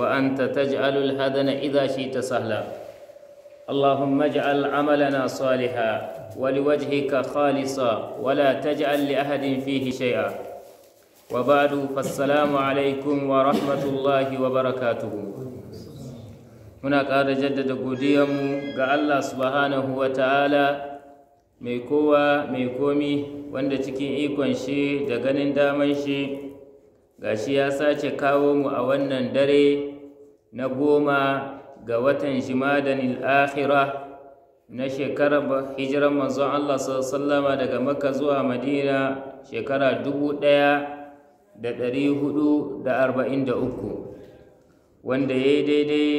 وأنت تجعل الهدن إذا شئت سهلا اللهم اجعل عملنا صالحا ولوجهك خالصا ولا تجعل لأحد فيه شيئا وبعد فالسلام عليكم ورحمة الله وبركاته هناك هذا جدد قديم قال الله سبحانه وتعالى mai kowa mai komi wanda cikin ikon shi da ganin daman shi gashi ya sace kawo mu a wannan dare na goma ga watan jimadanil akhira na shekarar hijirar manzon Allah sallama daga makka zuwa madina shekara dubu ɗaya da ɗari hudu da arba'in da uku wanda ya yi daidai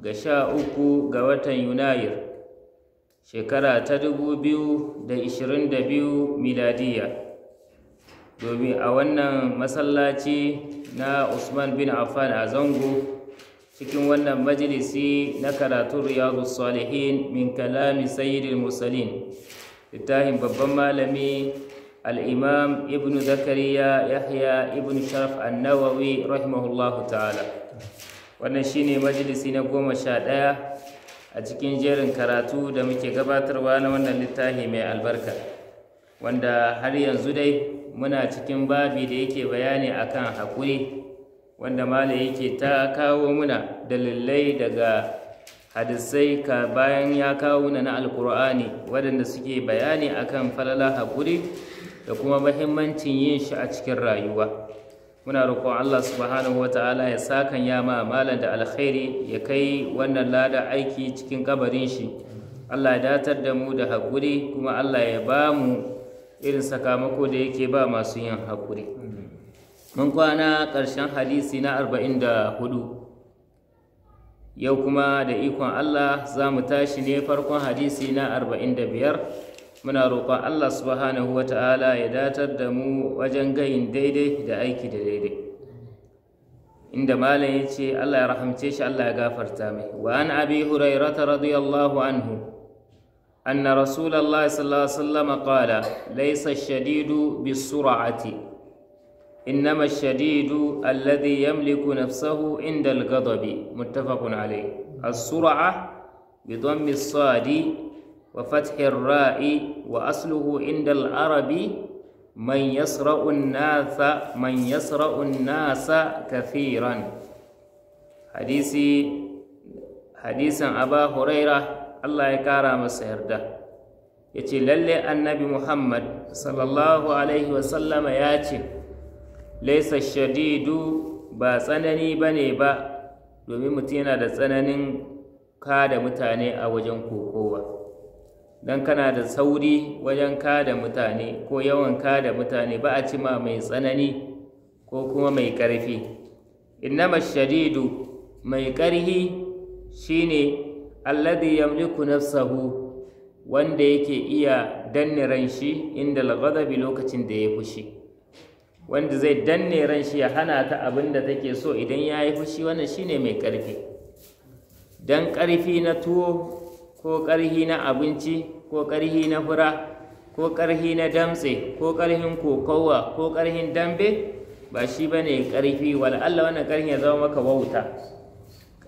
ga sha uku ga watan yunayir shekara ta dubu biyu da ishirin da biyu miladiya domin a wannan masallaci na usman bin affan a zango cikin wannan majalisi na karatun riyadu salihin min kalami sayyidil musalin littafin babban malami al'imam Ibnu zakariya yahya Ibnu sharaf annawawi rahimahullahu ta'ala wannan shine majalisi na goma sha ɗaya a cikin jerin karatu da muke gabatarwa na wannan littafi mai albarka wanda har yanzu dai muna cikin babi da yake bayani akan haƙuri wanda mali yake ta kawo muna dalilai daga hadisai ka bayan ya kawo na alkur'ani waɗanda suke bayani akan falala haƙuri da kuma mahimmancin yin shi a cikin rayuwa muna roƙon allah subhanahu wa ta'ala ya sakan ya ma malam da alkhairi ya kai wannan lada aiki cikin kabarin shi allah ya datar da mu da haƙuri kuma allah ya ba mu irin sakamako da yake ba masu yin haƙuri mun kwana ƙarshen hadisi na arba'in da hudu yau kuma da ikon Allah za mu tashi ne farkon hadisi na arba'in da biyar muna roƙon Allah subhanahu wa ta'ala ya datar da mu wajen gayin daidai da aiki da daidai inda malam ya ce Allah ya rahamce shi Allah ya gafarta mai wa an abi hurairata radiyallahu anhu anna رسول الله صلى الله عليه Laysa, قال ليس الشديد إنما الشديد الذي يملك نفسه عند الغضب متفق عليه السرعة بضم الصاد وفتح الراء وأصله عند العرب من يسرع الناس من يسرع الناس كثيرا حديثي حديثا أبا هريرة الله يكرم سهرده yace lalle annabi Muhammad sallallahu alaihi wasallama ya ce laisa shadidu ba tsanani ba ne ba domin mutum yana da tsananin kada mutane a wajen kokowa don kana da sauri wajen kada mutane ko yawan kada mutane ba a cima mai tsanani ko kuma mai ƙarfi innama shadidu mai ƙarfi shine alladhi yamliku nafsahu wanda yake iya danne ranshi inda lagadabi lokacin da ya fushi wanda zai danne ran shi ya hana ta abin da take so idan ya yi fushi wannan shine mai ƙarfi don ƙarfi na tuwo ko ƙarfi na abinci ko ƙarfi na fura ko ƙarfi na damtse ko ƙarfin kokowa ko ƙarhin dambe ba shi ba ne ƙarfi wal'alla wannan ƙarfi ya zama maka wauta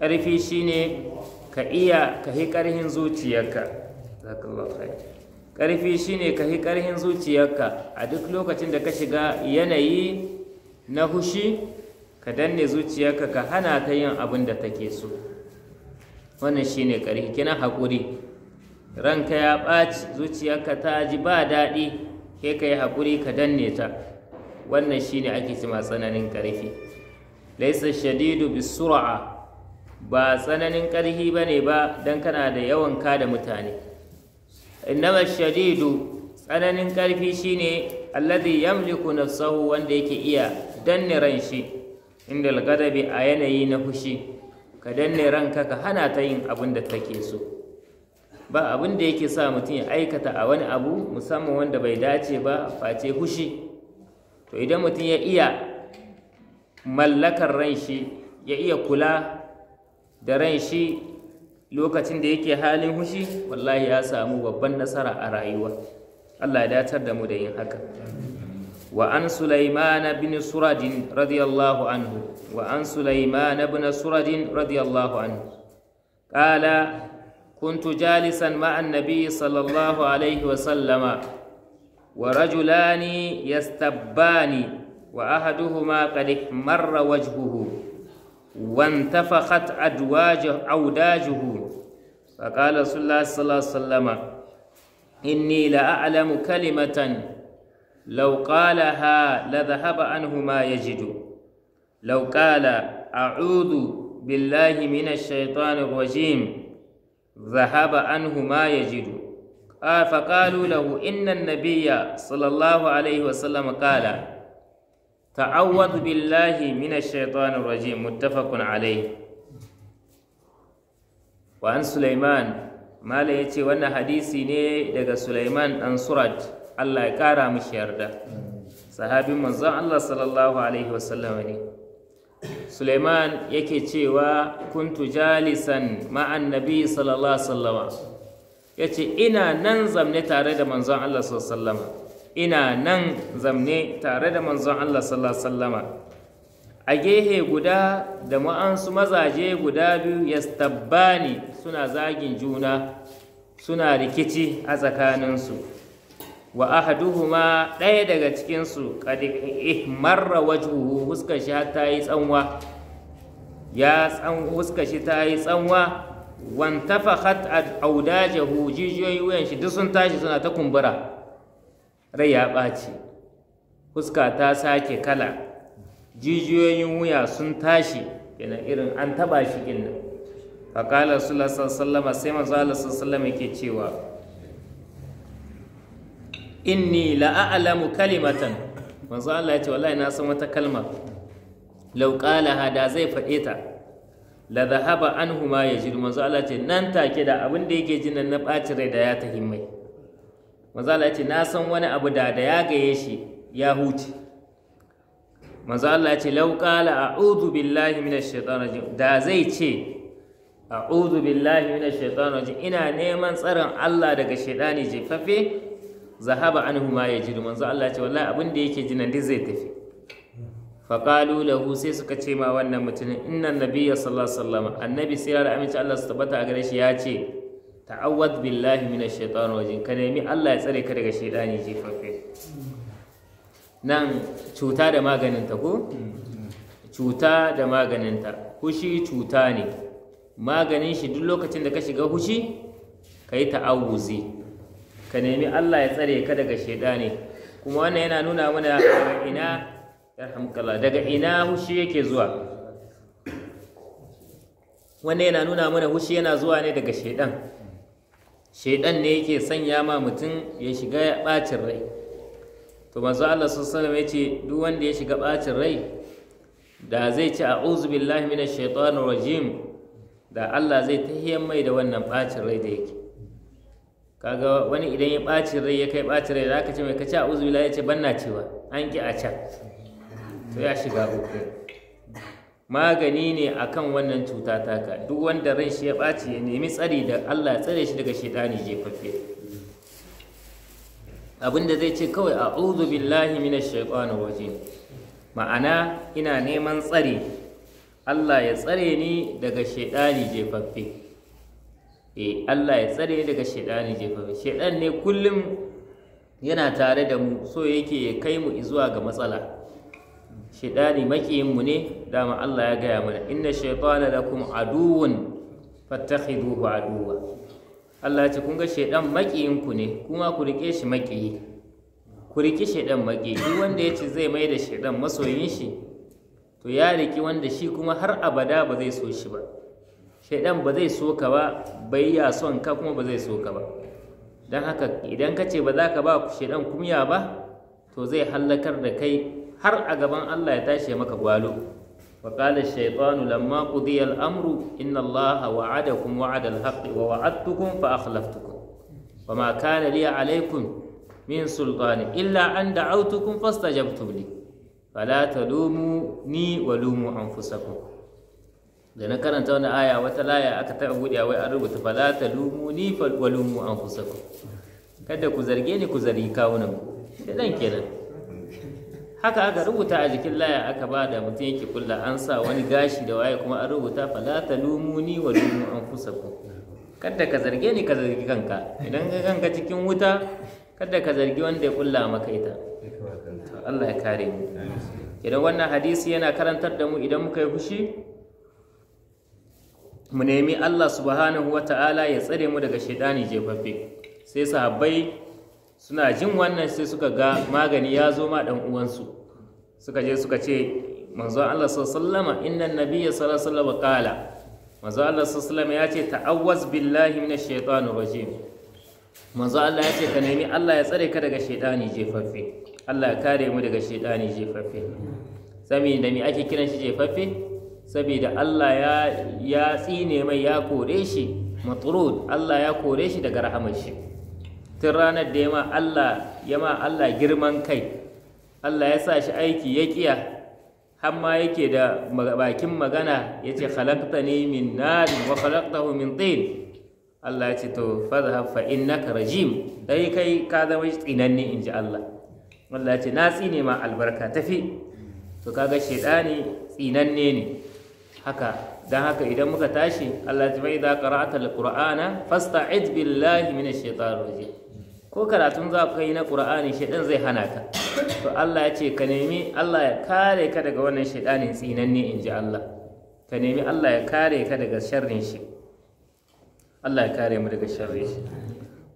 ƙarfi shine ka iya ka yi ƙarhin zuciyarka ƙarfi shine ka yi ƙarhin zuciyarka a duk lokacin da ka shiga yanayi na hushi ka danne zuciyarka ka hana ta yin abin da take so wannan shine ƙarfi kina haƙuri ranka ya ɓaci zuciyarka ta ji ba daɗi ke ka yi haƙuri ka danne ta wannan shine ake cima tsananin ƙarfi laisa shadidu bi sura'a. ba tsananin ƙarfi ba ne ba don kana da yawan kada mutane innama shadidu tsananin ƙarfi shine alladhi yamliku nafsahu wanda yake iya danne ran shi inda algadabi a yanayi na fushi ka danne ranka ka hana ta yin abin da take so ba abin da yake sa mutum ya aikata a wani abu musamman wanda bai dace ba face fushi to idan mutum ya iya mallakar ran shi ya iya kula da ran shi lokacin da yake halin hushi wallahi ya samu babban nasara a rayuwa Allah ya datar da mu da yin haka wa an Sulaiman bin suradin radiyallahu anhu wa an Sulaiman bin Surad radiyallahu anhu qala kuntu jalisan ma'a an sallallahu wa sallama wa rajulani yastabbani wa ahaduhuma qad wajhuhu وانتفخت أدواجه أوداجه فقال رسول الله صلى الله عليه وسلم إني لأعلم كلمة لو قالها لذهب عنه ما يجد لو قال أعوذ بالله من الشيطان الرجيم ذهب عنه ما يجد فقالوا له إن النبي صلى الله عليه وسلم قال ta'awwadu billahi minash shaitanir rajim muttafaqun alayh wa an Sulaiman malam yace wannan hadisi ne daga Sulaiman dan Surat Allah ya kara mishi yarda sahabin manzon Allah sallallahu alaihi wasallam ne Sulaiman yake cewa kuntu jalisan ma'an nabi sallallahu alaihi wasallama yace ina nan zamne tare da manzon Allah sallallahu alaihi wasallama ina nan zamne tare da manzon Allah sallallahu sallama a gehe guda da ma'ansu mazaje guda biyu yastabbani suna zagin juna suna rikici a tsakaninsu wa ahaduhuma ɗaya daga cikinsu ihmarra wajhuhu huskar shi ta yi tsanwa ya huskar shi ta yi tsanwa wantafakhat audajahu jijiyoyi wuyan shi duk sun tashi suna ta kumbura rai ya ɓaci fuska ta sake kala jijiyoyin wuya sun tashi yana irin an taɓa shi inna faƙalar sulasar sallama sai mazalar ke cewa inni la'a'alamu kalimatan alamu kalimatan. ya ce wallahi na san wata kalma law zai faɗe ta la zahaba, an huma ya jiru ce nan take da abin da yake jin na ɓaci rai da ya ta himmai. manzo Allah ya ce na san wani abu da da ya gaye shi ya huce manzo Allah ya ce lauƙala qala a'udhu billahi minash shaitanir rajim da zai ce a'udhu billahi minash shaitanir rajim ina neman tsaron Allah daga shaitani jefaffe zahaba anhu ma yajidu manzo Allah ya ce wallahi abin da yake jinan duk zai tafi faƙalu lahu sai suka ce ma wannan mutumin innan nabiya sallallahu alaihi wasallam annabi sai da aminci Allah su tabbata a gare shi ya ce ta'awwad billahi minash shaitanir rajim ka nemi Allah ya tsare ka daga shaitani jifaffe nan cuta da maganinta ko cuta da maganinta hushi cuta ne maganin shi duk lokacin da ka shiga hushi ka yi ta'awuzi ka nemi Allah ya tsare ka daga shaitani kuma wannan yana nuna mana daga ina yarhamukallah daga ina hushi yake zuwa wannan yana nuna mana hushi yana zuwa ne daga shaidan shaidan ne yake sanya ma mutum ya shiga bacin rai to manzo Allah sallallahu ya ce duk wanda ya shiga bacin rai da zai ci a'udhu billahi minash shaitanir rajim da Allah zai tahiyyar mai da wannan ɓacin rai da yake kaga wani idan ya ɓacin rai ya kai ɓacin rai da aka ce mai ka ci a'udhu billahi ya ce banna cewa an ki a can to ya shiga uku magani ne akan wannan cuta taka duk wanda ran shi ya ɓaci ya nemi tsari da Allah ya tsare shi daga shaitani jefaffe abinda zai ce kawai a'udhu billahi minash shaitani waje. ma'ana ina neman tsari Allah ya tsare ni daga shaitani jefaffe eh Allah ya tsare ni daga shaitani jefaffe shaitan ne kullum yana tare da mu so yake ya kai mu zuwa ga matsala shedani makiyin mu ne dama Allah ya gaya mana inna shaitana lakum aduwun fattakhiduhu aduwwa Allah ya ce kun ga shedan makiyin ku ne kuma ku rike shi makiyi ku rike shedan makiyi wanda ya ce zai mai da shedan masoyin shi to ya riki wanda shi kuma har abada ba zai so shi ba shedan ba zai so ka ba bai ya son ka kuma ba zai so ka ba don haka idan ka ce ba za ka ba shedan kumya ba to zai hallakar da kai har a gaban Allah ya tashi maka gwalo وقال الشيطان لما قضي الأمر إن الله وعدكم وعد الحق ووعدتكم فأخلفتكم وما كان لي عليكم من سلطان إلا أن دعوتكم فاستجبتم لي فلا تلوموني ولوموا أنفسكم da na karanta wani aya wata laya aka taɓa buɗe wai an rubuta fala lumu ni fa an kada ku zarge ni ku zargi kenan haka aka rubuta a jikin laya aka ba da mutum yake kulla an sa wani gashi da waye kuma an rubuta falata ta lumuni wa lumu an kusa ku kada ka zarge ni ka zargi kanka idan ka kanka cikin wuta kada ka zargi wanda ya kulla maka ita Allah ya kare mu idan wannan hadisi yana karantar da mu idan muka yi fushi mu nemi Allah subhanahu wa ta'ala ya tsare mu daga shaitani jefaffe sai sahabbai suna jin wannan sai suka ga magani ya zo ma dan uwansu suka je suka ce manzo Allah sallama inna nabiyya sallallahu alaihi wasallam qala manzo Allah sallama ya ce ta'awwaz billahi minash shaitanir rajim manzo Allah ya ce ka nemi Allah ya tsare ka daga shaitani jefaffe Allah ya kare mu daga shaitani jefaffe saboda me ake kiran shi jefaffe saboda Allah ya ya tsine mai ya kore shi matrud Allah ya kore shi daga rahamar shi tun ranar da yama Allah yama Allah girman kai Allah ya sa shi aiki ya kiya har ma yake da bakin magana ya ce khalaqtani min narin wa khalaqtahu min tin Allah ya ce to fadhhab fa innaka rajim dai kai ka zama tsinanne inji Allah Allah ya ce na tsine ma albarka tafi to kaga shedani tsinanne ne haka dan haka idan muka tashi Allah ya ce fa idza qara'ata alqur'ana fasta'id billahi minash shaitanir rajim ko karatun za ka yi na ƙura'ani shaidan zai hana ka to Allah ya ce ka nemi Allah ya kare ka daga wannan shaidanin tsinanne in ji Allah ka nemi Allah ya kare ka daga sharrin shi Allah ya kare mu daga sharrin shi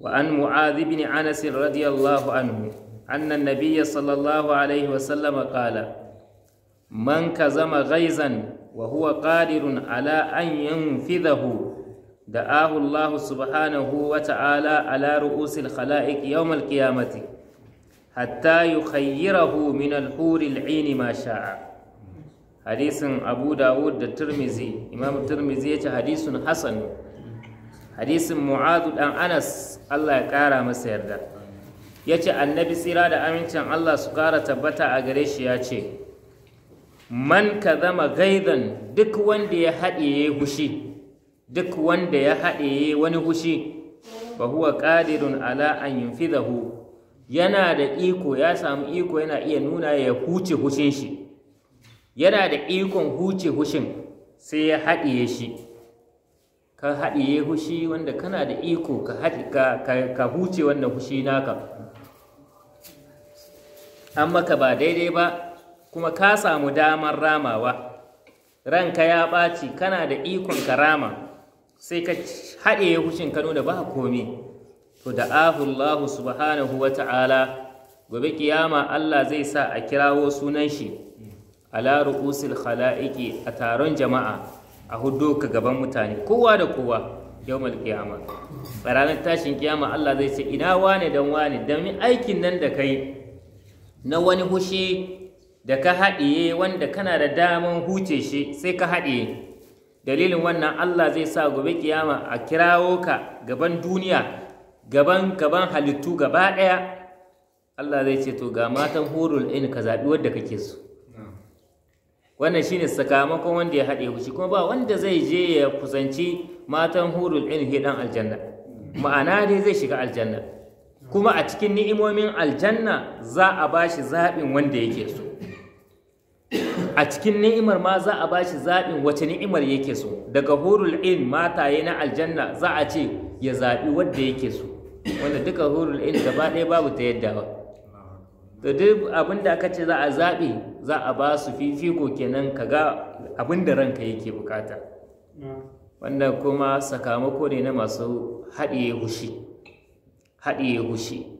wa an mu'adhi bin Anas radiyallahu anhu anna an-nabiy sallallahu alaihi wa sallam qala man kazama ghaizan wa huwa qadirun ala an yanfidahu da ahullahu subhanahu wa ta'ala ala ru'usil khala'iq yawmal qiyamati hatta yukhayyirahu min al-huril 'ayn ma sha'a hadisin abu dawud da tirmizi imam tirmizi yace hadisun hasan hadisin mu'ad dan anas Allah ya kara masa yarda yace annabi tsira da amincin Allah su kara tabbata a gare shi yace man kadama ghaidan duk wanda ya haɗiye gushi duk wanda ya haɗe wani hushi ba huwa ƙadirun ala an yunfidahu yana da iko ya samu iko yana iya nuna ya huce hushin shi yana da ikon huce hushin sai ya haɗiye shi ka haɗiye hushi wanda kana da iko ka haɗe ka huce wannan hushi naka an maka ba daidai ba kuma ka samu damar ramawa ranka ya ɓaci kana da ikon ka rama sai ka haɗe hukuncin kano da ba komi to da subhanahu wa ta'ala gobe kiyama Allah zai sa a kirawo sunan shi ala ru'usil khala'iqi a taron jama'a a hudo ka gaban mutane kowa da kowa yawmal kiyama a ranar tashin kiyama Allah zai ce ina wane dan wane dan aikin nan da kai na wani hushi da ka haɗiye wanda kana da daman huce shi sai ka haɗiye dalilin wannan Allah zai sa gobe kiyama a kirawo ka gaban duniya gaban gaban halittu gaba ɗaya Allah zai ce to ga matan hurul in ka zaɓi wadda kake so wannan shine sakamakon wanda ya hade shi kuma ba wanda zai je ya kusanci matan hurul in dan aljanna ma'ana dai zai shiga aljanna kuma a cikin ni'imomin aljanna za a bashi zaɓin wanda yake so a cikin ni'imar ma za a ba shi zaɓin wace ni'imar yake so daga hurul in mataye na aljanna za a ce ya zaɓi wadda yake so wanda duka hurul in gaba ɗaya babu ta yadda ba to duk abin da aka ce za a zaɓi za a ba su fifiko kenan ka ga abin da ranka yake bukata wanda kuma sakamako ne na masu haɗiye hushi haɗiye hushi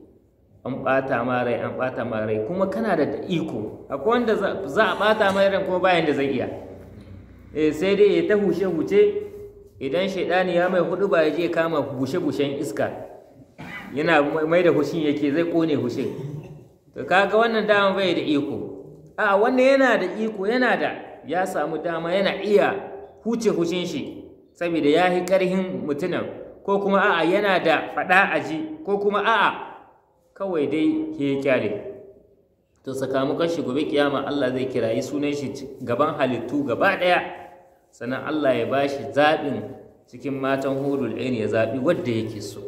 an ɓata ma rai an ɓata ma rai kuma kana da iko akwai wanda za a ɓata ma rai kuma bayan da zai iya eh, sai dai ya ta hushe huce idan shaidani ya mai hudu ba ya je kama bushe bushen iska yana mai da hushin yake zai kone hushin to kaga wannan dama bai da iko a wannan yana da iko yana da ya samu dama yana iya huce hushin shi saboda ya yi karhin mutunan ko kuma a'a yana da faɗa aji ko kuma a'a kawai dai ke kyale to sakamakon shi gobe kiyama Allah zai kirayi sunan shi gaban halittu gaba ɗaya sannan Allah ya bashi shi zaɓin cikin matan hulul ain ya zaɓi wadda yake so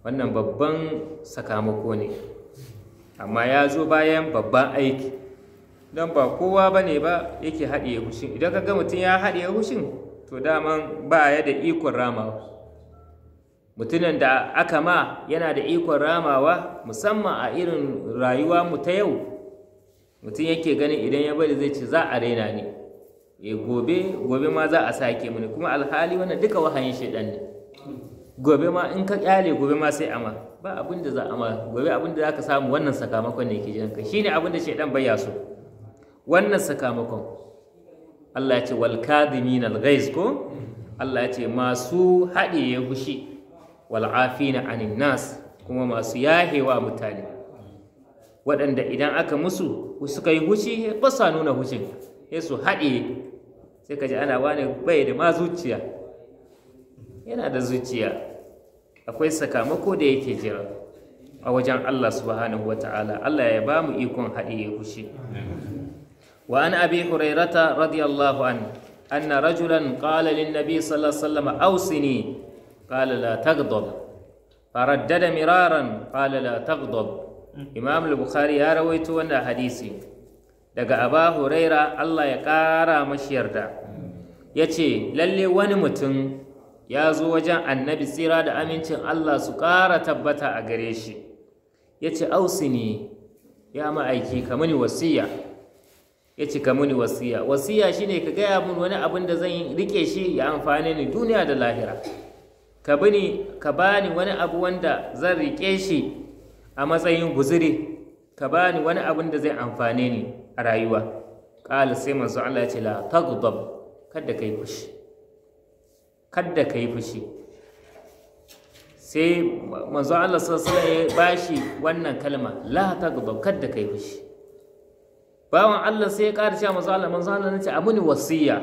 wannan babban sakamako ne amma ya zo bayan babban aiki don ba kowa ba ne ba yake haɗiye hushin idan ka ga mutum ya haɗiye hushin to daman ba ya da ikon ramawa mutumin da aka ma yana da ikon ramawa musamman a irin rayuwa mu ta yau mutum yake ganin idan ya bari zai ce za a raina ne e eh, gobe gobe ma za a sake mini kuma alhali wannan duka wahayin shaidan ne gobe ma in ka kyale gobe ma sai ama ba abin da za a ma gobe abin da za ka samu wannan sakamakon ne ke jiranka shine abin da shaidan bai ya so wannan sakamakon Allah ya ce wal kadimin al ghaiz ko Allah ya ce masu haɗiye fushi wal'afina anin nas kuma masu yahewa mutane waɗanda idan aka musu suka yi huci ba sa nuna hushin sai su haɗe sai ka ji ana wani bai da ma zuciya yana da zuciya akwai sakamako da yake jira a wajen Allah subhanahu wa ta'ala Allah ya ba mu ikon haɗe hushi wa an abi hurairata radiyallahu an anna rajulan qala lin nabi sallallahu alaihi wasallam قال لا تغضب فردد مرارا قال لا تغضب imam al-bukhari ya rawaito wannan hadisi daga aba huraira allah ya ƙara mashi yarda ya ce lalle wani mutum ya zo wajen annabi tsira da amincin allah su ƙara tabbata a gare shi ya ce ausini ya ma'aiki ka muni wasiya ya ce ka muni wasiya wasiya shine ka gaya mun wani abin da zan rike shi ya amfani ni duniya da lahira ka bani ka bani wani abu wanda zan riƙe shi a matsayin guzuri ka bani wani abun da zai amfane ni a rayuwa qala sai manzo Allah ya ce la taghdab kada kai fushi kada kai fushi sai manzo Allah sallallahu alaihi ya bashi wannan kalma la taghdab kada kai fushi bawan Allah sai ya ƙara cewa manzo Allah manzo Allah ya ce amuni wasiya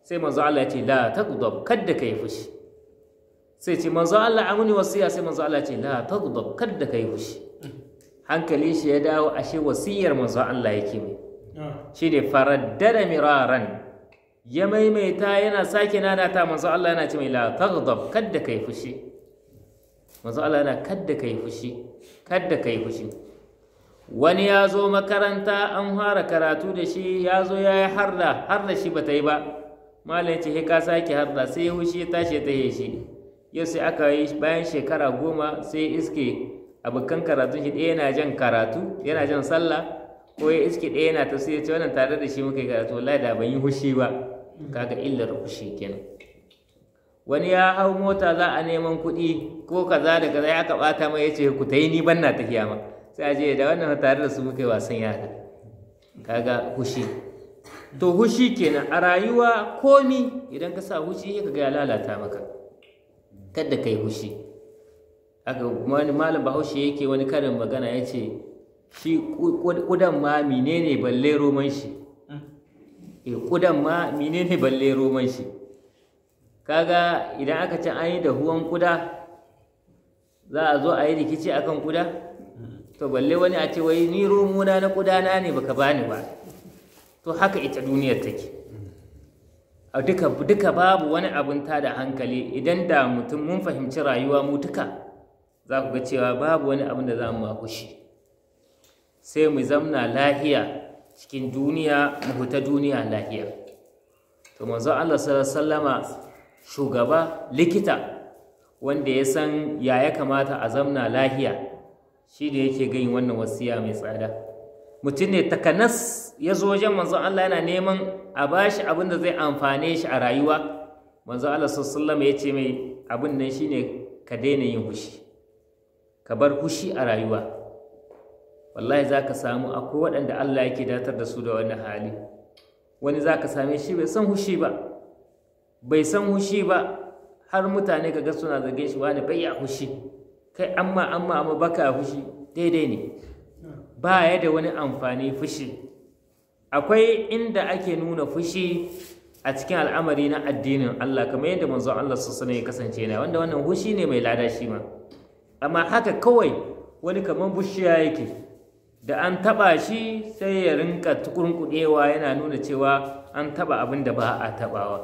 sai manzo Allah ya ce la taghdab kada kai fushi sai ce manzo Allah amuni wasiya sai manzo Allah ce la tagdab kadda kai fushi?" hankali shi ya dawo ashe wasiyar manzo Allah yake mai ah. ne faraddada miraran ya maimaita yana sake nanata manzo Allah yana ce mai la tagdab kadda kai fushi manzo Allah yana kadda kai fushi kadda kai fushi wani ya zo makaranta an fara karatu da shi ya zo ya yi harda harda shi ba ta yi ba malam ce he ka sake harda sai ya wuce ya tashi ta yi shi yau sai aka yi bayan shekara goma sai iske abokan karatun shi ɗaya yana jan karatu yana jan sallah ko ya iske ɗaya yana tafsiri ce wannan tare da shi muka yi karatu wallahi da ban yi hushi ba kaga illar hushi kenan wani ya hau mota za a neman kuɗi ko kaza da kaza ya ka ɓata mai ya ce ku ta yi ni ban na tafiya ma sai a je da wannan tare da su muka yi wasan Ka kaga hushi to hushi kenan a rayuwa komi idan ka sa hushi ka ga ya lalata maka kada ka yi hushi aka wani malam bahaushe yake wani karin magana ya ce shi ƙudan ma mine ne balle roman shi mm. eh, ƙudan ma mine ne balle roman shi kaga idan aka ci an yi da huwan ƙuda za a zo a yi rikici a kan ƙuda mm. to balle wani a ce wai ni romuna na ƙudana ne baka bani ba to haka ita duniyar take duka duka babu wani abin tada hankali idan da mutum mun fahimci rayuwa mutuka, duka za ku ga cewa babu wani abin da za mu makushi sai mu zamna lahiya cikin duniya mu huta duniya lahiya to manzo Allah sallallahu shugaba likita wanda ya san ya ya kamata a zamna lahiya shi da yake gani wannan wasiya mai tsada mutum ne takanas ya zo wajen manzon Allah yana neman a bashi abin da zai amfane shi a rayuwa manzon Allah sallallahu alaihi ya ce mai abin nan shine ka daina yin hushi ka bar hushi a rayuwa wallahi zaka samu akwai waɗanda Allah yake datar da su da wani hali wani zaka same shi bai san hushi ba bai san hushi ba har mutane kaga suna zage shi wani bai ya hushi kai amma amma amma baka hushi daidai ne ba ya da wani amfani fushi akwai inda ake nuna fushi a cikin al'amari na addinin Allah kamar yadda manzo Allah sallallahu alaihi ya kasance yana wanda wannan hushi ne mai lada shi ma amma haka kawai wani kamar bushiya yake da an taba shi sai ya rinka tukurkudewa yana nuna cewa an taba abin da ba a tabawa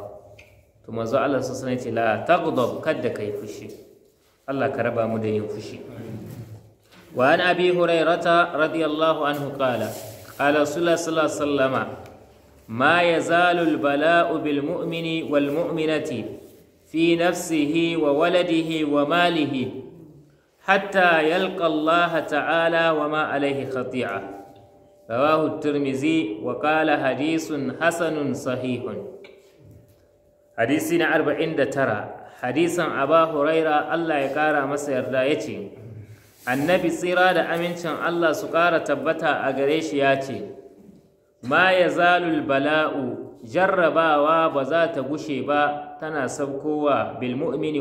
to manzo Allah sallallahu alaihi ya ce la taghdab kadda kai fushi Allah ka raba mu da yin fushi وعن أبي هريرة رضي الله عنه قال قال رسول الله صلى الله عليه وسلم ما يزال البلاء بالمؤمن والمؤمنة في نفسه وولده وماله حتى يلقى الله تعالى وما عليه خطيئة رواه الترمذي وقال حديث حسن صحيح حديثنا أربعين ترى حديثا أبا هريرة الله يقارى مسير لا يتي annabi tsira da amincin Allah su ƙara tabbata a gare shi ya ce ma ya zalul bala'u jarrabawa ba za ta gushe ba tana saukowa bil mu'mini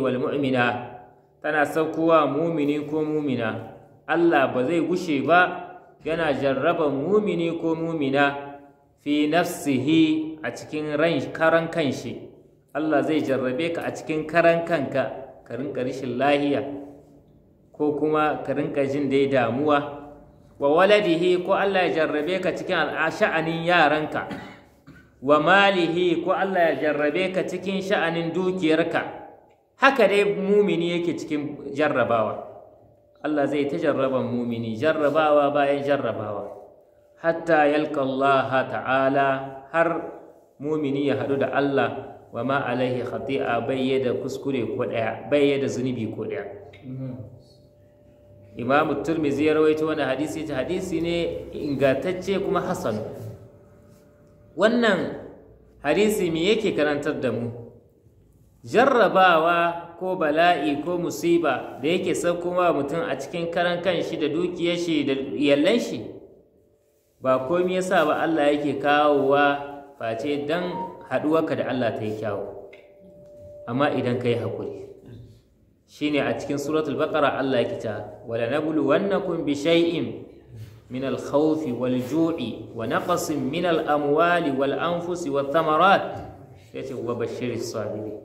tana saukowa mumini ko mumina Allah ba zai gushe ba yana jarraba mumini ko mumina fi nafsihi a cikin karan kanshi Allah zai jarrabe ka a cikin karan kanka ka rinka lahiya ko kuma ka rinka jin dai damuwa wa waladihi ko Allah ya jarrabe ka cikin sha'anin yaranka wa malihi ko Allah ya jarrabe ka cikin sha'anin dukiyarka haka dai mumini yake cikin jarrabawa Allah zai ta jarraban mumini jarrabawa bayan jarrabawa hatta yalka Allah ta'ala har mumini ya haɗu da Allah wa ma alaihi khati'a bai kuskure ko ɗaya bai zunubi ko ɗaya mhm. imamu turmizi ya rawaito wani hadisi ta hadisi ne ingantacce kuma hasanu wannan hadisi me yake karantar da mu jarrabawa ko bala'i ko musiba da yake saukowa mutum a cikin karan kanshi da dukiyar shi da iyalan shi ba komai yasa ba Allah yake kawowa face dan haɗuwarka da Allah ta yi kyawo? amma idan ka hakuri. shine a cikin suratul baqara Allah yake ta wala nabluwannakum bi shay'in min al-khawf wal-ju'i wa naqsin min al-amwali wal-anfusi wath-thamarat yace wa bashiris sabirin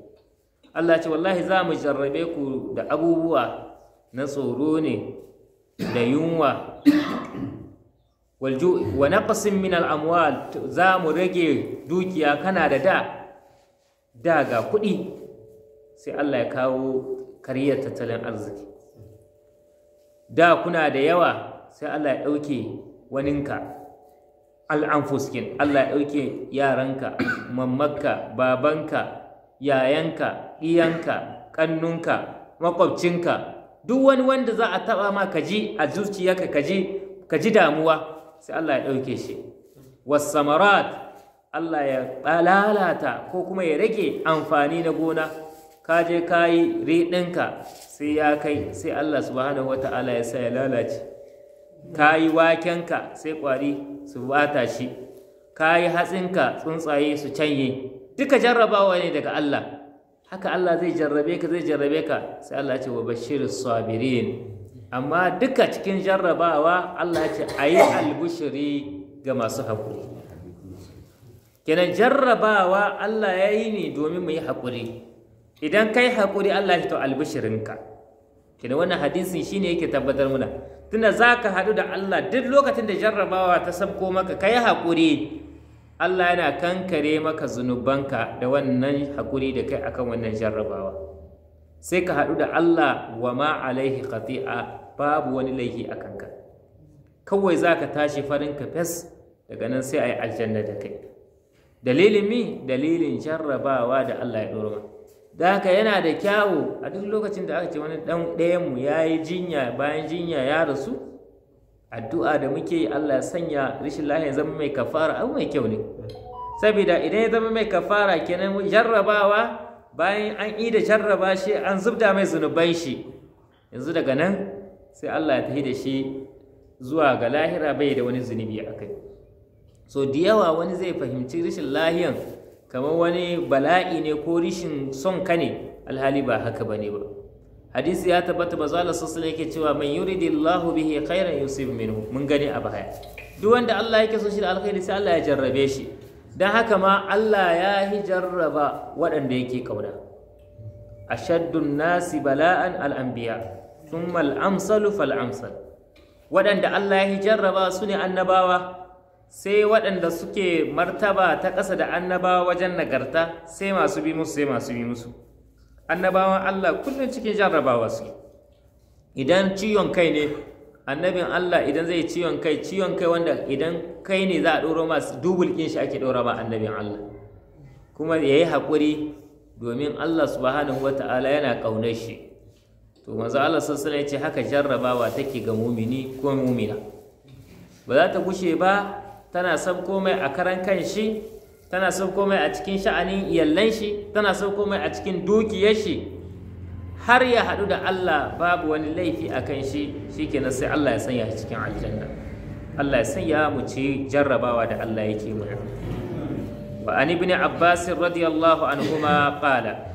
Allah ce wallahi za mu jarrabe ku da abubuwa na tsoro ne da yunwa wa naqsin min al-amwal za mu rage dukiya kana da da da ga kuɗi sai Allah ya kawo kariyar tattalin arziki da kuna da yawa sai Allah ya ɗauke waninka al'anfuskin Allah ya ɗauke yaranka mammakka babanka yayanka ɗiyanka ƙannunka makwabcinka duk wani wanda za a taɓa ma kaji a zuciyarka kaji kaji damuwa sai Allah ya ɗauke shi wasamarat Allah ya lalata ko kuma ya rage amfani na gona ka je ka yi riɗinka sai ya kai sai Allah subhanahu ta'ala ya sa ya lalace ka yi wakenka sai ƙwari su bata shi ka yi hatsinka tsuntsaye su canye duka jarrabawa ne daga Allah haka Allah zai jarrabe ka zai jarrabe ka sai Allah ya ce wa bashirin sabirin amma duka cikin jarrabawa Allah ce a yi albushiri ga masu haƙuri kenan jarrabawa Allah ya yi ne domin mu yi haƙuri idan kai hakuri Allah ya to albishirinka kina wannan hadisin shine yake tabbatar muna tunda zaka haɗu da Allah duk lokacin da jarrabawa ta sabko maka kai hakuri. Allah yana kankare maka zunubanka da wannan haƙuri da kai akan wannan jarrabawa sai ka haɗu da Allah wa ma alaihi qati'a babu wani laifi a kanka kawai za tashi farin ka fes daga nan sai ayi aljanna da kai dalilin mi dalilin jarrabawa da Allah ya maka da haka yana da kyawu a duk lokacin da aka ce wani ɗan ɗayanmu ya yi jinya bayan jinya ya rasu addu'a da muke yi Allah sanya rashin lahiya zama mai kafara abu mai kyau ne saboda idan ya zama mai kafara kenan jarrabawa bayan an yi da jarraba shi an zubda mai zunuban shi yanzu daga nan sai Allah ya tafi da shi zuwa ga lahira bai da wani zunubi a kai so da yawa wani zai fahimci rashin lahiyan kamar wani bala'i ne ko rishin son ka ne alhali ba haka ne ba hadisi ya tabbata ba zala sassala yake cewa man yuridillahu bihi khairan yusib minhu mun gani a baya duk wanda Allah yake so shi da alkhairi sai Allah ya jarrabe shi dan haka ma Allah ya hi jarraba waɗanda yake kauna ashaddun nasi bala'an al-anbiya thumma al-amsalu fal-amsal waɗanda Allah ya hi jarraba su ne annabawa sai waɗanda suke martaba ta ƙasa da annabawa wajen nagarta sai masu bi musu sai masu bi musu annabawan Allah kullum cikin jarrabawa su idan ciwon kai ne annabin Allah idan zai ciwon kai ciwon kai wanda idan kai ne za a ɗoro masu dubul shi ake ɗora ma annabin Allah kuma ya yi haƙuri domin Allah subhanahu wa ta'ala yana ƙaunar shi to manzo Allah sallallahu ya ce haka jarrabawa take ga mumini ko mumina ba za ta gushe ba tana son komai a karan kan tana son komai a cikin sha'anin iyallan shi tana son komai a cikin dukiyar shi har ya haɗu da Allah babu wani laifi a kan shi shikenan sai Allah ya sanya shi cikin aljanna Allah ya sanya mu ci jarrabawa da Allah yake mu wa an ibn Abbas radiyallahu anhuma qala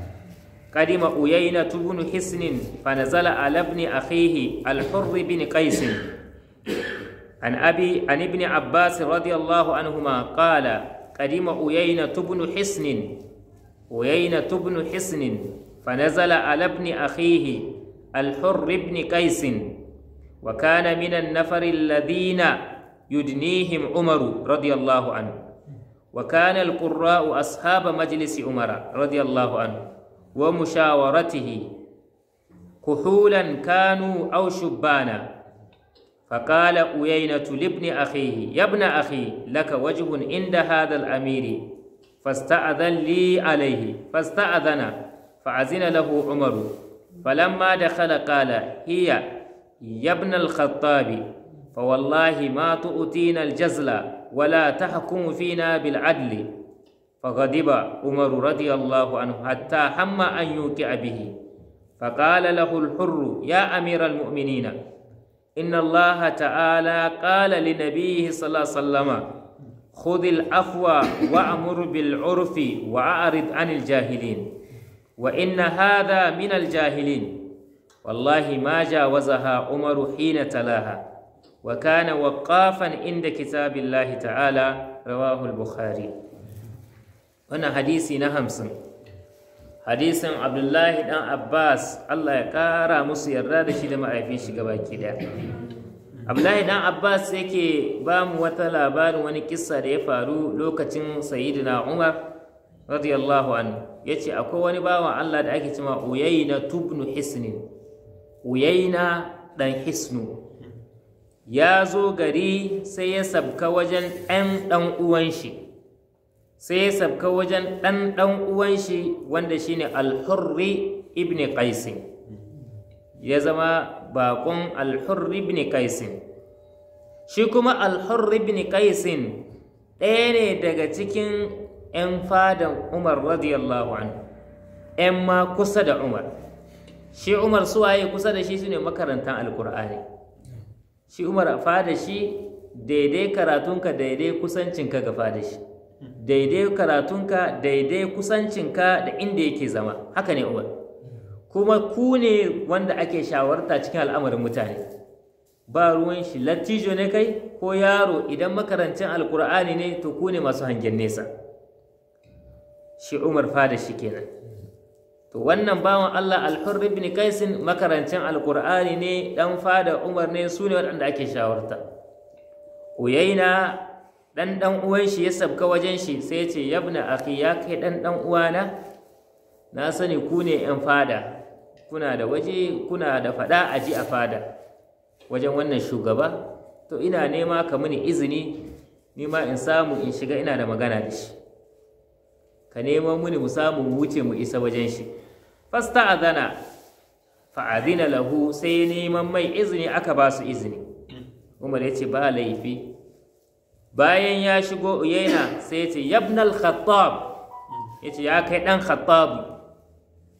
قدم أيينة بن حسن فنزل على ابن أخيه الحر بن قيس عن أبي عن ابن عباس رضي الله عنهما قال قدم أيينة بن حسن أيينة بن حسن فنزل على ابن أخيه الحر بن قيس وكان من النفر الذين يدنيهم عمر رضي الله عنه وكان القراء أصحاب مجلس عمر رضي الله عنه ومشاورته كحولا كانوا أو شبانا فقال أيينة لابن أخيه يا ابن أخي لك وجه عند هذا الأمير فاستأذن لي عليه فاستأذن فأذن له عمر فلما دخل قال هي يا ابن الخطاب فوالله ما تؤتينا الجزل ولا تحكم فينا بالعدل فغضب عمر رضي الله عنه حتى هم أن يوقع به فقال له الحر يا أمير المؤمنين inna ta'ala qala li nabiyhi sallallahu alaihi wasallama khudhil afwa wa'mur bil urfi wa'rid anil jahilin wa inna hadha min jahilin wallahi ma jawazaha umaru hina talaha wa kana waqafan inda kitabillahi ta'ala rawahu al bukhari wannan hadisi na hamsin hadisin abdullahi dan abbas allah ya kara musu yarda da shi da ma'aifin shi ke daya abdullahi dan abbas yake ba mu wata labarin wani kissa da ya faru lokacin sayyidina umar radiyallahu anhu ya ce akwai wani bawan allah da ake cima uyaina tubnu hisnin uyaina dan hisnu ya zo gari sai ya sabka wajen ɗan ɗan uwan shi sai ya sabka wajen ɗan ɗan uwan shi wanda shine ne alhurri ibn qaisin ya zama baƙon Alhurri ibn qaisin shi kuma Alhurri ibn qaisin ɗaya ne daga cikin 'yan fadan umar radiyallahu anhu 'yan ma kusa da umar shi umar suwaye kusa da shi su ne makarantar alkur'ani shi umar fada shi daidai karatunka daidai kusancinka ga fada shi daidai karatunka daidai kusancinka da inda yake zama haka ne uba kuma ku ne wanda ake shawarta cikin al'amarin mutane ba ruwan shi lattijo ne kai ko yaro idan makarancin alkur'ani ne to ku ne masu hangen nesa shi umar fada shi kenan to wannan bawan allah alhurri ibn kaisin makarancin alkur'ani ne dan fada umar ne su ne waɗanda ake shawarta uyaina dan dan uwan shi ya sabka wajen shi sai ya ce yabna akhi ya kai dan dan uwana na sani ku ne yan fada kuna da waje kuna da fada a ji a fada wajen wannan shugaba to ina nema ka mini izini ni ma in samu in shiga ina da magana da shi ka nemo muni mu samu mu wuce mu isa wajen shi fasta azana fa'azina lahu sai neman mai izini aka ba su izini umar ya ce ba laifi bayan ya shigo uyaina sai ya ce yabnal khattab ya ce ya kai dan khattab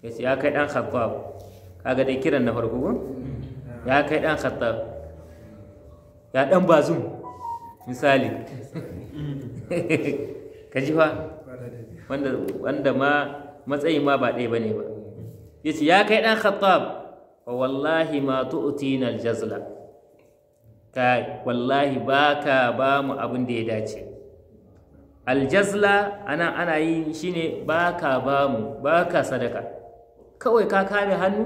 ya ce ya kai dan khattab kaga dai kiran na farko ko ya kai dan khattab ya dan bazum misali ka ji fa wanda wanda ma matsayi ma ba ɗaya bane ba ce ya kai dan khattab wallahi ma tu'tina al-jazla kai wallahi ba ka ba mu abin da ya dace aljazla ana ana yi shine ba ka ba mu ba ka sadaka kawai ka kame hannu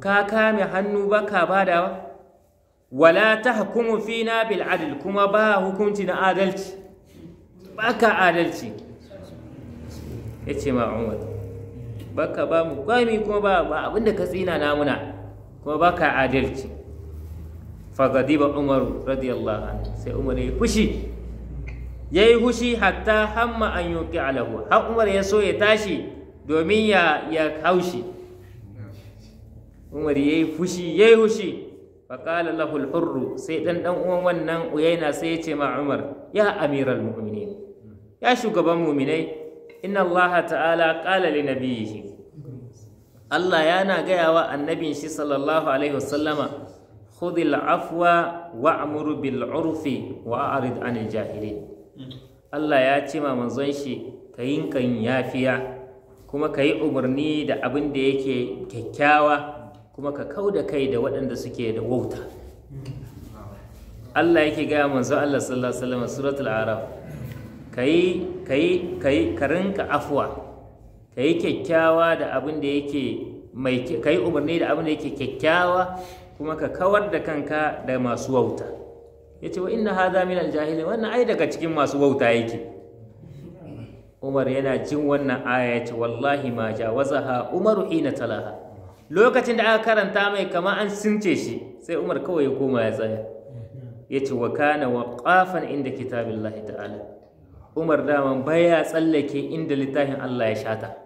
ka kame hannu ba ka badawa wala ta hukumu fina bil adil kuma ba hukunci na adalci ba ka adalci ya ce ma umar ba ka ba mu kwami kuma ba abinda ka tsina namuna kuma ba ka adalci fagadiba umaru radiyallahu anhu sai umar ya fushi ya yi fushi hatta hamma an yuki alahu har umar ya so ya tashi domin ya ya haushi umar ya yi fushi ya yi fushi faƙala lahul hurru sai ɗan ɗan uwan wannan uyaina sai ya ce ma umar ya amiral mumini ya shugaban mu'minai inna allaha ta'ala ƙala li nabiyihi Allah yana gaya wa annabin shi sallallahu alaihi wasallama khudil afwa wa'mur bil urfi wa a'rid jahilin hmm. Allah ya ce ma manzon shi ka yinkan yafiya kuma ka yi umarni da abin da yake kyakkyawa kuma ka kau da kai da waɗanda suke da wauta Allah yake gaya manzo Allah sallallahu alaihi wasallam suratul araf kayi kayi kayi ka yi rinka afwa kayi kyakkyawa da abin da yake mai kayi umarni da abin da yake kyakkyawa kuma ka kawar da kanka da masu wauta ya ce wa inna haza min aljahilin wannan ai daga cikin masu wauta yake umar yana jin wannan aya ya ce wallahi ma jawazaha umaru hina talaha lokacin da aka karanta mai kama an since shi sai umar kawai ya koma ya tsaya ya ce wa kana kafan inda kitabillahi ta'ala umar daman baya tsallake inda littafin Allah ya shata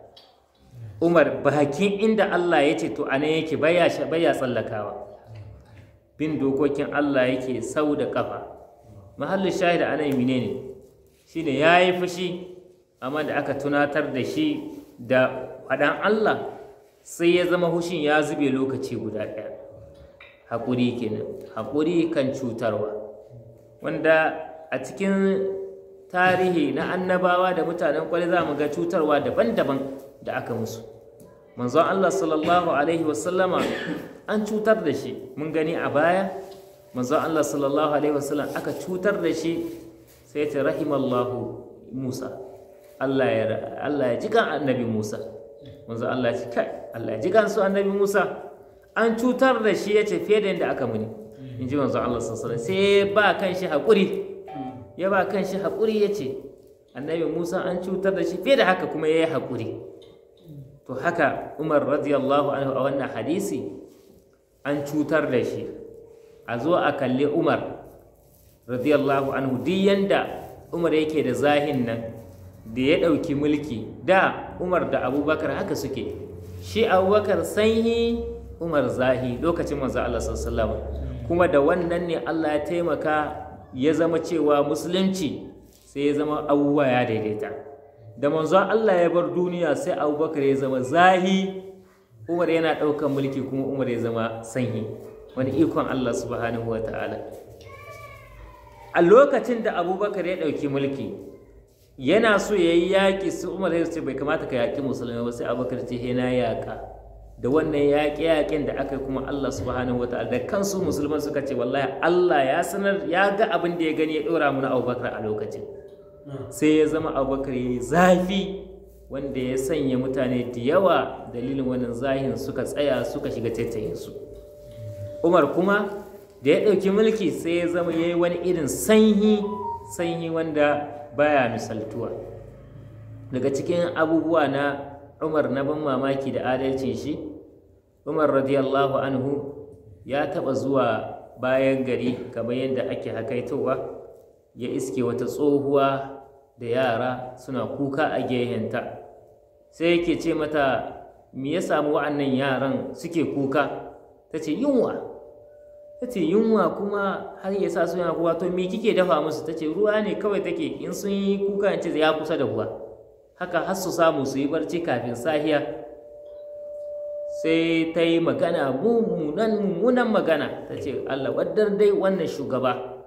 umar bakin inda Allah ya ce to anan yake baya tsallakawa bin dokokin Allah yake sau da ƙafa. mahallin shahida ana yi menene ya yi fushi amma da aka tunatar da shi da faɗan Allah sai ya zama hushin ya zube lokaci guda ɗaya haƙuri kenan haƙuri kan cutarwa wanda a cikin tarihi na annabawa da mutanen kwale za mu ga cutarwa daban-daban da aka musu manzon Allah sallallahu alaihi wasallama an cutar da shi mun gani a baya manzon Allah sallallahu alaihi wasallam aka cutar da shi sai ta rahimallahu Musa Allah ya Allah ya ji annabi Musa manzon Allah ya ce kai Allah ya ji su annabi Musa an cutar da shi ya ce fiye da yadda aka muni in ji manzon Allah sallallahu alaihi wasallam sai ba kan shi hakuri. ya ba kan shi hakuri ya ce annabi Musa an cutar da shi fiye da haka kuma ya yi hakuri. to haka umar radiyallahu anhu a wannan hadisi an cutar da shi a zo a kalli umar radiyallahu anhu duk yanda umar yake da zahin nan da ya ɗauki mulki da umar da abubakar haka suke shi abubakar sanyi umar zahi lokacin manzo Allah sallallahu kuma da wannan ne Allah ya taimaka ya zama cewa musulunci sai ya zama abubuwa ya daidaita da manzon Allah ya bar duniya sai abubakar ya zama zahi umar yana ɗaukar mulki kuma umar ya zama sanyi wani ikon Allah subhanahu wa ta'ala a lokacin da abubakar ya ɗauki mulki yana so ya yi yaƙi su umar ya ce bai kamata ka yaƙi musulmi ba sai abubakar ce yana yaƙa da wannan yaƙe yaƙen da aka kuma Allah subhanahu wa ta'ala, da kansu musulman suka ce wallahi Allah ya sanar ya ga abin da ya gani ya ɗora mu abubakar a lokacin sai ya zama abubakar ya yi zafi wanda ya sanya mutane da yawa dalilin wannan zahin suka tsaya suka shiga tattayinsu umar kuma da ya ɗauki mulki sai ya zama ya yi wani irin sanyi sanyi wanda baya misaltuwa daga cikin abubuwa na umar na ban mamaki da adalcin shi umar radiyallahu anhu ya taɓa zuwa bayan gari kamar yadda ake hakaitowa ya iske wata tsohuwa da yara suna kuka a gehenta sai yake ce mata me ya samu wa'annan yaran suke kuka ta ce yunwa ta ce yunwa kuma har ya sa suna kuka to me kike dafa musu ta ce ruwa ne kawai take in sun yi kuka ce ya kusa da ruwa haka har su samu su yi barci kafin sahiya sai ta yi magana mummunan mummunan magana ta ce allah dai wannan shugaba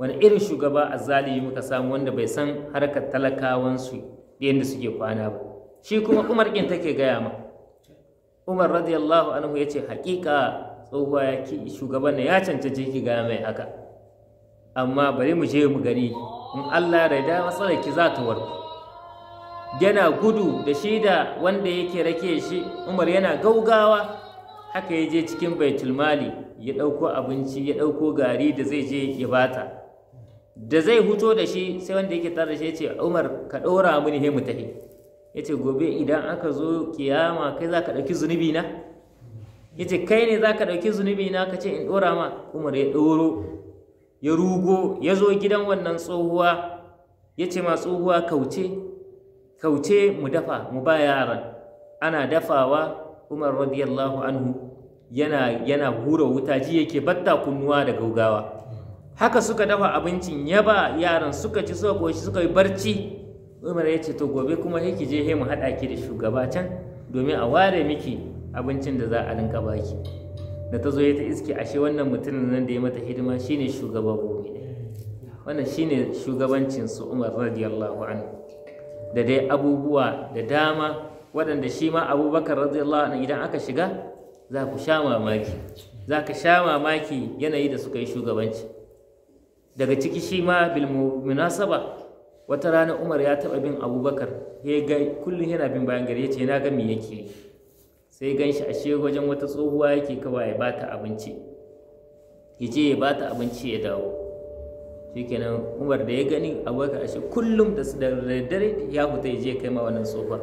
wani irin shugaba a zalimi muka samu wanda bai san harkar talakawansu yadda suke kwana ba shi kuma umar ƙin take gaya ma umar radiyallahu anhu ya ce haƙiƙa tsohuwa ya ki shugaban ya cancanci ki gaya mai haka amma bari mu je mu gani in Allah da da matsalar ki za ta warku yana gudu da shi da wanda yake rake shi umar yana gaugawa haka ya je cikin baitulmali ya ɗauko abinci ya ɗauko gari da zai je ya bata da zai huto da shi sai wanda yake tare da shi ya ce umar ka ɗora mini he mu tahi ya ce gobe idan aka zo kiyama kai za ka ɗauki zunubi na ya ce kai ne za ka ɗauki zunubi na ka ce in ɗora ma umar ya ɗoro ya rugo ya zo gidan wannan tsohuwa ya ce ma tsohuwa kauce kauce mu dafa mu ba yaran ana dafawa umar radiyallahu anhu yana yana hura wuta ji yake batta kunnuwa da gaugawa haka suka dafa abincin ya ba yaran suka ci suka koshi suka yi barci umar ya ce to gobe kuma sai je he mu haɗa ki da shugaba can domin a ware miki abincin da za a rinka baki da ta zo ta iske ashe wannan mutumin nan da ya mata hidima shine shugaba gobe wannan shine shugabancin su umar radiyallahu anhu da dai abubuwa da dama waɗanda shi ma abubakar radiyallahu anhu idan aka shiga za ku sha mamaki za ka sha mamaki yanayi da suka yi shugabanci daga ciki shi ma bil munasaba wata rana Umar ya taba bin Abubakar ya ga kullum yana bin bayan gari Ya ce na ga me yake sai gan shi ashe wajen wata tsohuwa yake kawai ya bata abinci ya je ya bata abinci ya dawo shikenan Umar da ya gani Abubakar ashe kullum da dare ya fita yaje kai ma wannan tsohuwar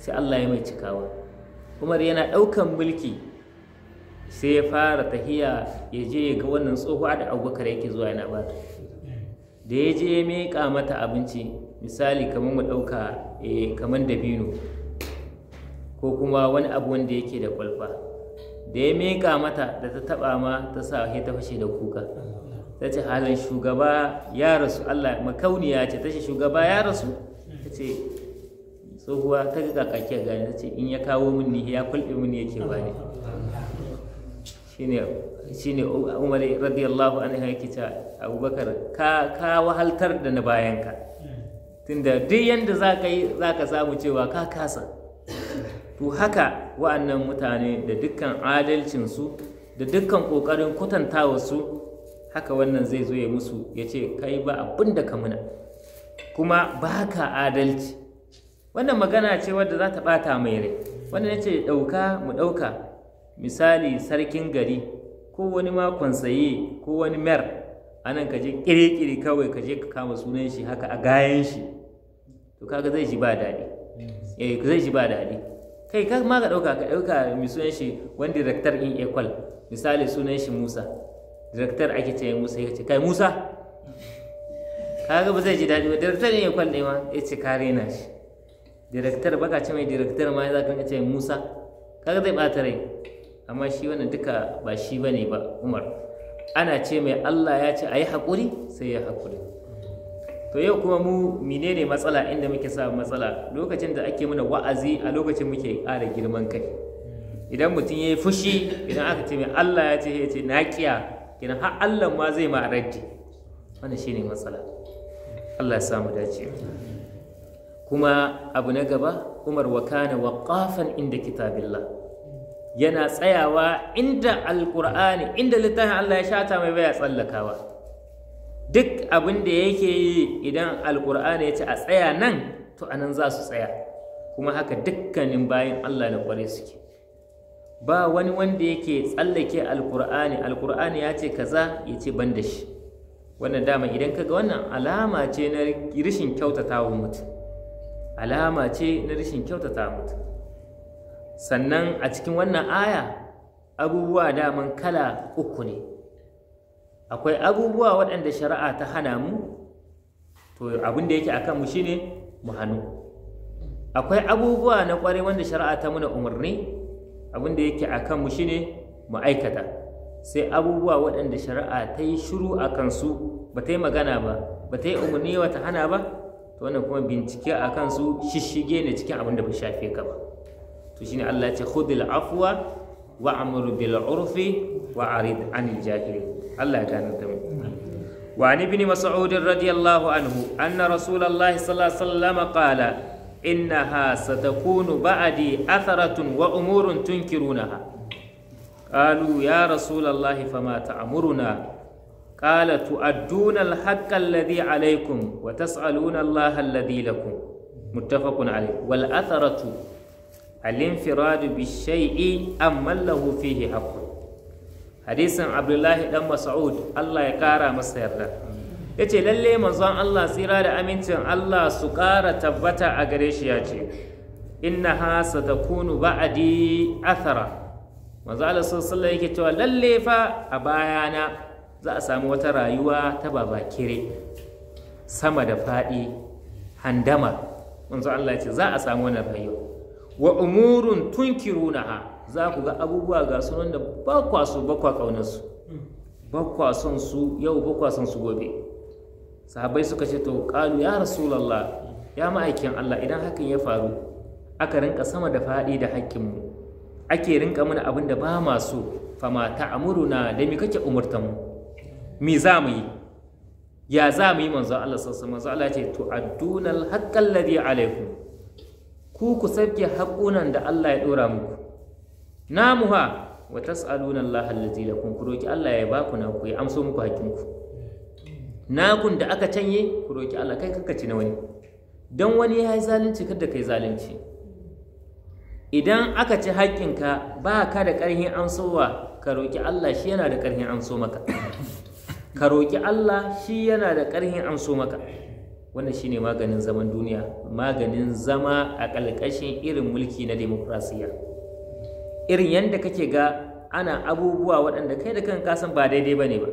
sai Allah ya mai cikawa Umar yana daukan mulki sai ya fara tahiya ya je ya ga wannan tsohuwa da abubakar yake zuwa yana ba da ya je ya miƙa mata abinci misali kamar mu ɗauka eh, kamar dabino ko kuma wani abu wanda yake da kwalfa da ya miƙa mata da ta taɓa ma ta sa ta fashe da kuka ta ce halin shugaba ya rasu Allah makauniya ce ta ce shugaba ya rasu ta ce tsohuwa ta ga kakakiyar gani ta ce in ya kawo min ya kulɓe min yake ne? shine umar radiyallahu anhu yake ta abubakar ka wahaltar da na bayanka tunda duk yanda za ka yi za ka samu cewa ka kasa to haka wa'annan mutane da dukkan adalcinsu da dukkan ƙoƙarin su. haka wannan zai zo ya musu ya ce kai ba abin da ka muna kuma ba ka adalci wannan magana ce wadda za ta bata mai rai wannan ya ce ɗauka mu ɗauka misali sarkin gari ko wani makon saye ko wani mer anan ka je kirikiri kawai ka je ka kama sunan shi haka a gayan shi to kaga zai ji ba daɗi eh zai ji ba daɗi kai ka ma ka ɗauka ka ɗauka mai sunan shi wani director in equal misali sunan shi musa director ake ce musa ya ce kai musa kaga ba zai ji daɗi ba director in equal ne ma ya ce ka rena shi director baka ce mai director ma ya za ka ce musa kaga zai ɓata rai amma shi wannan duka ba shi bane ba Umar ana ce mai Allah ya ce ayi hakuri sai ya hakuri to yau kuma mu menene matsala inda muke sa matsala lokacin da ake mana wa'azi a lokacin muke ƙara girman kai idan mutum ya yi fushi idan aka ce mai Allah ya ce ya ce na kiya kenan har Allah ma zai ma raddi wannan shine matsala Allah ya samu dace kuma abu na gaba Umar wa kana waqafan inda kitabillah yana tsayawa inda alkur'ani inda littafin Allah ya shata mai baya tsallakawa duk abin da yake yi idan alkur'ani ya ce a tsaya nan to anan za su tsaya kuma haka dukkanin bayan Allah na kware suke ba wani wanda yake tsallake alkur'ani alkur'ani ya ce kaza ya ce ban da shi wannan dama idan kaga wannan alama ce na rashin kyautata mutum alama ce na rashin kyautata wa mutum sannan a cikin wannan aya abubuwa daman kala uku ne akwai abubuwa waɗanda shari'a ta hana mu to abin da yake a kanmu shine mu hannu akwai abubuwa na ƙwarai wanda shari'a ta muna umarni abin da yake a kanmu shine mu aikata sai abubuwa waɗanda shari'a ta yi shiru a kansu ba ta yi magana ba ba ta yi umarni wata hana ba to wannan kuma bincike a kansu shishige ne cikin abin da ba shafe ka ba to shine Allah ya ce khudil afwa wa amru bil urfi wa arid anil jahili Allah ya gane ta mu wa an ibn mas'ud radiyallahu anhu anna rasulullahi sallallahu alaihi wasallam qala innaha satakunu ba'di atharatun wa umurun tunkirunaha قالوا يا رسول الله فما تأمرنا قال تؤدون الحق الذي عليكم وتسألون الله الذي لكم متفق عليه والأثرة al Firadu Bishai'i, shay'i amma lahu fihi haqqun hadisin abdullahi ɗan mas'ud Allah ya kara masa yarda yace lalle manzon Allah tsira da amincin Allah su ƙara tabbata a gare shi ya ce innaha satakunu ba'di athara manzo Allah sallallahu alaihi yake cewa lalle fa a bayana za a samu wata rayuwa ta babakire sama da faɗi handama manzo Allah ya ce za a samu wannan rayuwa wa umurun tunkirunaha za ku ga abubuwa ga sunan da ba kwa su ba kwa kaunar su ba kwa son su yau ba kwa son su gobe sahabbai suka ce to qalu ya rasulullah ya ma'aikin Allah idan hakan ya faru aka rinka sama da faɗi da mu. ake rinka mana abin da ba ma so fama ta'amuruna da me kake umurta mu me za mu yi ya za mu yi manzo Allah sallallahu alaihi manzo Allah ce tu'adduna haqqal ladhi alaikum ku ku sabke haƙunan da Allah ya ɗora muku ha wa tas'aluna Allah allazi lakum ku roki Allah ya baku na ku ya amso muku hakinku nakun da aka canye ku roki Allah kai kanka ci na wani dan wani ya yi zalunci kada kai zalunci idan aka ci haƙƙinka ba ka da ƙarhin amsowa ka roki Allah shi yana da ƙarhin amso maka ka roki Allah shi yana da ƙarhin amso maka wannan shine maganin zaman duniya maganin zama a ƙalƙashin irin mulki na demokrasiya irin yadda kake ga ana abubuwa waɗanda kai da kan kasan ba daidai ba ne ba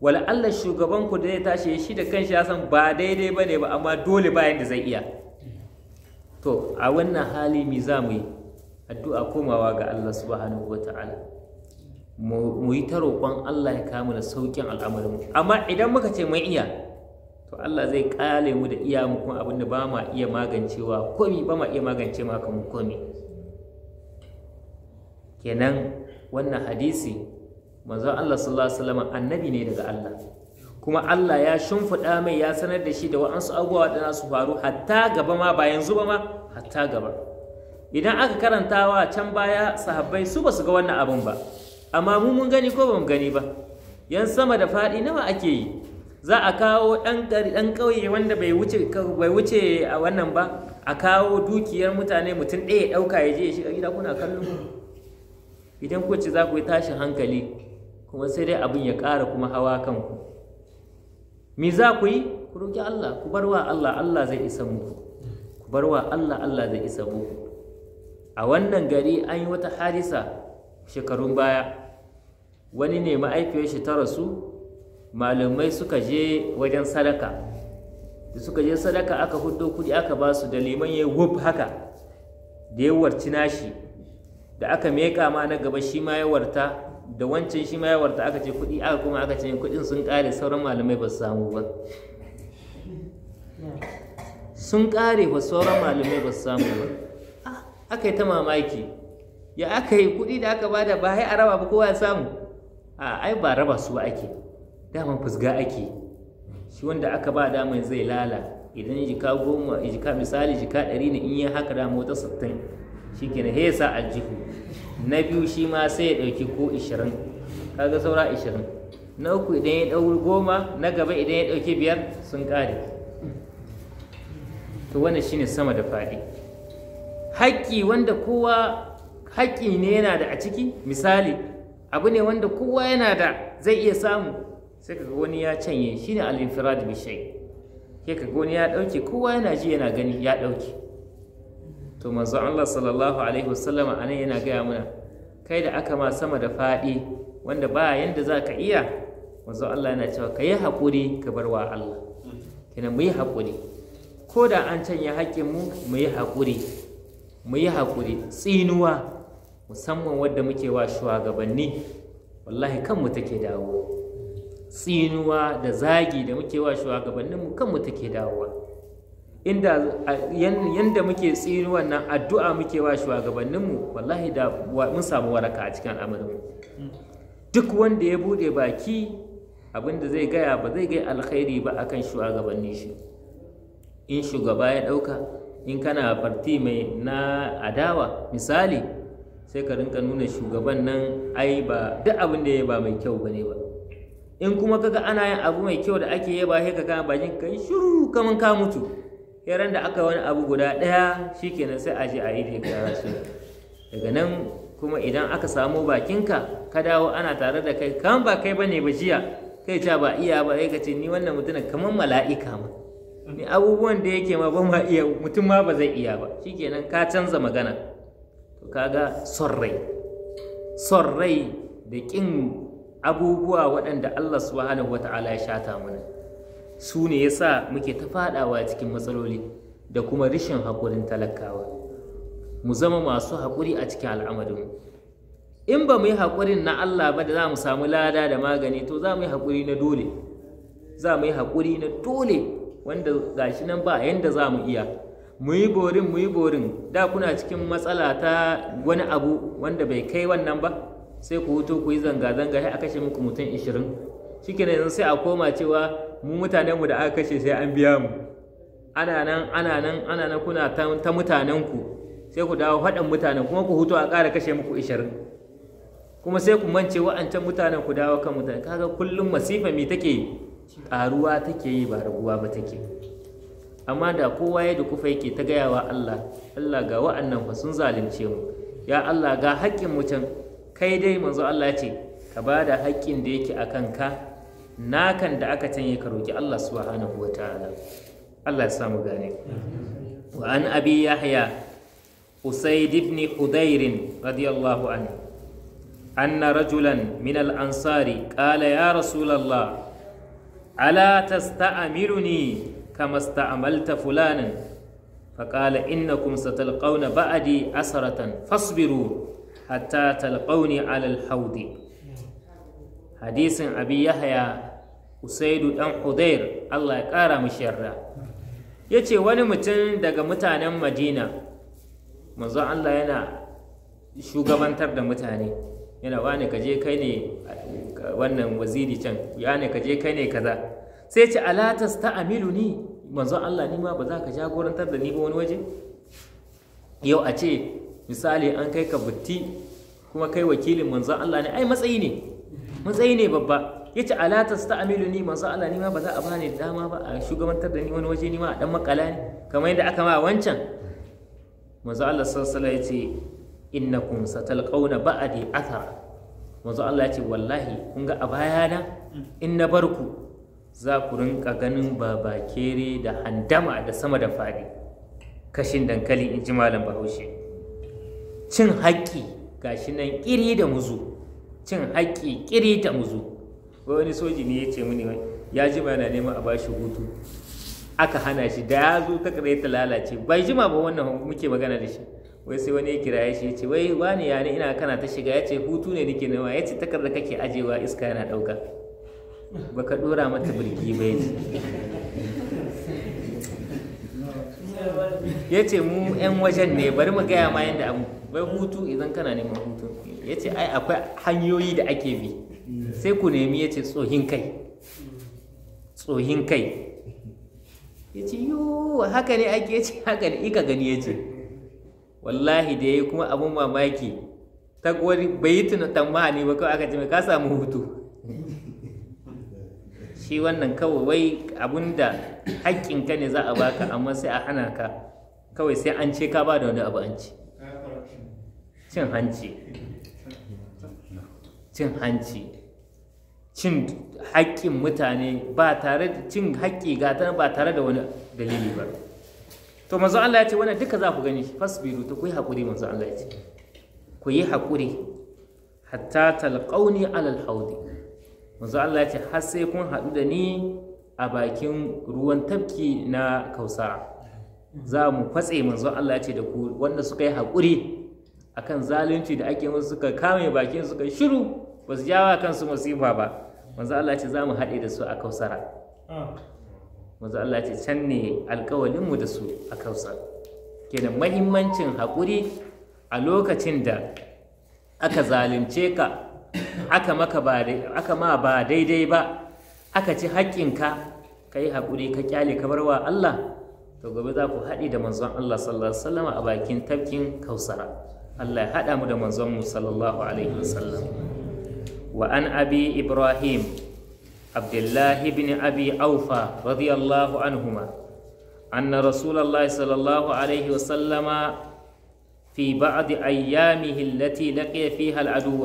wala Allah shugaban ku da zai tashi shi da kanshi ya san ba daidai ba ne ba amma dole bayan da zai iya to a wannan hali mi za mu yi addu'a komawa ga Allah subhanahu wa mu yi ta roƙon Allah ya kamu da sauƙin mu. amma idan muka ce mun iya to Allah zai kale mu da iya mu kuma abinda ba ma iya magancewa komi ba ma iya magance ma mu komi kenan wannan hadisi manzon Allah sallallahu alaihi wasallam annabi ne daga Allah kuma Allah ya shimfiɗa mai ya sanar da shi da wa'ansu abubuwa da su faru hatta gaba ma ba yanzu ba ma hatta gaba idan aka karantawa can baya sahabbai su ba su ga wannan abun ba amma mu mun gani ko ba mu gani ba yan sama da faɗi nawa ake yi za a kawo ɗan ƙauye wanda bai wuce a wannan ba a kawo dukiyar mutane mutum ɗaya ya ɗauka ya je ya shiga gida kuna kallon idan ku ce za ku yi tashin hankali kuma sai dai abin ya ƙara kuma hawa kanku me za ku yi ku roƙi Allah ku bar wa Allah Allah zai isa muku ku bar wa Allah Allah zai isa muku a wannan gari an yi wata hadisa shekarun baya wani ne ma'aikiyar shi ta rasu malamai suka je wajen sadaka da suka je sadaka aka hudu kudi aka ba su da liman ya wuf haka da ya warci nashi da aka meka ma na gaba shi ma ya warta da wancan shi ma ya warta aka ce kudi aka kuma aka ce kudin sun kare sauran malamai ba su samu ba sun kare ba sauran malamai ba su samu ba aka yi ta mamaki ya aka yi kudi da aka bada ba hai a raba ba kowa ya samu a ai ba raba su ba ake dama fusga ake shi wanda aka ba daman zai lala idan jika goma jika misali jika ɗari ne in yi haka dama wata sittin shi ke na hesa a aljihu na biyu shi ma sai ya ɗauki ko ishirin kaga saura ishirin na uku idan ya ɗauki goma na gaba idan ya ɗauki biyar sun ƙare to wannan shine sama da faɗi haƙƙi wanda kowa haƙƙi ne yana da a ciki misali abu ne wanda kowa yana da zai iya samu sai ka wani ya canye shine al-infirad bi shay sai ka wani ya dauke kowa yana ji yana gani ya dauke to manzo Allah sallallahu alaihi wasallama anan yana gaya mana kai da aka ma sama da fadi wanda ba yanda za ka iya manzo Allah yana cewa ka yi haƙuri ka bar wa Allah kenan mu yi haƙuri ko da an canye haƙƙinmu mu yi haƙuri mu yi haƙuri tsinuwa musamman wadda muke wa shuwagabanni wallahi kanmu take dawo tsinuwa da zagi da muke wa shugabanninmu kanmu take dawowa inda yanda muke tsinuwan nan addu'a muke wa shugabanninmu wallahi da mun samu waraka a cikin al'amarinmu duk wanda ya bude baki abinda zai gaya ba zai gai alkhairi ba akan shugabannin shi in shugaba ya ɗauka in kana farti mai na adawa misali sai ka rinka nuna shugaban nan ai ba duk abin da ya ba mai kyau ba ne ba in kuma kaga ana yin abu mai kyau da ake yaba sai ka kama bakin kai shiru kaman ka mutu yaran da aka wani abu guda ɗaya shikenan sai a je a yi da su daga nan kuma idan aka samu bakinka ka dawo ana tare da kai kan ba kai bane ba jiya kai ta ba iya ba sai ka ce ni wannan mutumin kaman mala'ika ma ni abubuwan da yake ma ba ma iya mutum ma ba zai iya ba shikenan ka canza magana to kaga son rai son rai da kin abubuwa waɗanda Allah subhanahu wata'ala ya shata mana su ne ya sa muke ta faɗawa cikin matsaloli da kuma rishin haƙurin talakawa mu zama masu haƙuri a cikin al'amarinmu in ba mu yi haƙurin na Allah ba da za mu samu lada da magani to za mu yi haƙuri na dole za mu yi haƙuri na dole wanda gashi nan ba yanda za mu iya mu yi borin mu yi borin da kuna cikin matsala ta wani abu wanda bai kai wannan ba sai ku hutu ku yi zanga-zanga sai a kashe muku mutum ishirin shi yanzu sai a koma cewa mu mutanenmu da aka kashe sai an biya mu ana nan ana nan ana nan kuna ta mutanenku sai ku dawo haɗin mutanen kuma ku hutu a ƙara kashe muku ishirin kuma sai ku mance wa'ancan mutanen ku dawo kan mutane kaga kullum masifa mi take ƙaruwa take yi ba raguwa ba take amma da kowa ya dukufa yake ta gayawa Allah Allah ga wa'annan fa sun zalunce mu ya Allah ga haƙƙin mu can kai dai manzo Allah ce ka ba da haƙƙin da yake a kanka nakan da aka canye ka roƙi Allah subhanahu wa ta'ala Allah ya samu gane wa an abi yahya usayd ibn hudayr radiyallahu anhu anna rajulan min al-ansari qala ya rasulullah ala tasta'miruni kama sta'amalta fulanan فقال إنكم ستلقون بعدي أسرة fasbiru. hatta talqauni alal haudi hadisin abi yahya usaidu dan hudair Allah ya kara mishi yarda yace wani mutum daga mutanen madina manzo Allah yana shugabantar da mutane yana wani kaje kai ne wannan waziri can yani kaje kai ne kaza sai ce alatas tasta'milu ni manzo Allah ni ma ba za ka jagorantar da ni ba wani waje yau a ce misali an kai ka butti kuma kai wakilin manzon Allah ne ai matsayi ne matsayi ne babba ya ce alatas ta amilu ni manzon Allah ni ma ba za a bani dama ba a shugabantar da ni wani waje ni ma a dan makala ne kamar yadda aka ma wancan manzon Allah sallallahu alaihi wasallam ya ce innakum ba'di athara manzo Allah ya ce wallahi kun ga a bayana in na bar ku za ku rinka ganin babakere da handama da sama da fadi. kashin dankali in ji malam bahaushe cin haƙƙi shi nan ƙiri da muzu cin haƙƙi ƙiri da muzu wani soji ne ya ce mini ya ji na neman a bashi hutu aka hana shi da ya zo ta ta lalace bai jima ba wannan muke magana da shi wai sai wani ya kira ya shi ya ce wai wani ya ne ina kana ta shiga ya ce hutu ne nake nawa ya ce takarda kake ajewa iska yana ɗauka baka ɗora mata birki ba ya ce ya ce mu 'yan wajen ne bari mu gaya ma yadda abu wai hutu idan kana neman hutu ya ce ai akwai hanyoyi da ake bi sai ku nemi ya ce tsohin kai tsohin kai ya ce yiwu haka ne ake ce haka ne ika gani ya ce wallahi da ya yi kuma abin mamaki ta kwari bai yi tambaha ne ba kawai aka ce mai ka samu hutu shi wannan kawai wai abun da haƙƙinka ne za a baka amma sai a hana ka kawai sai an ce ka ba da wani abu an ce cin hanci cin hanci cin haƙƙin mutane ba tare da cin haƙƙi gata ba tare da wani dalili ba to manzo Allah ya ce wannan duka za ku gani fasbiru to ku yi hakuri manzo Allah ya ce ku yi hakuri hatta talqauni alal haudi manzo Allah ya ce har sai kun haɗu da ni a bakin ruwan tafki na kausara za mu fatse manzo Allah ya ce da ku wanda suka yi hakuri. akan zalunci da ake musu suka kame bakin suka shiru ba su jawa kansu masifa ba manzo Allah ce za mu haɗe da su a kausara manzo Allah ce can ne alkawalinmu da su a kausar kenan mahimmancin haƙuri a lokacin da aka zalunce ka aka maka ba aka ma ba daidai ba aka ci haƙƙinka ka yi haƙuri ka kyale ka barwa Allah to gobe za ku haɗe da manzon Allah sallallahu alaihi wasallam a bakin tafkin kausara Allah haɗa mu da manzonmu sallallahu alaihi wasallam wa an abi ibrahim abdullahi bin abi aufa radiyallahu anhuma anna rasulallahi sallallahu alaihi wasallama fi بعض أيامه التي لقي فيها العدو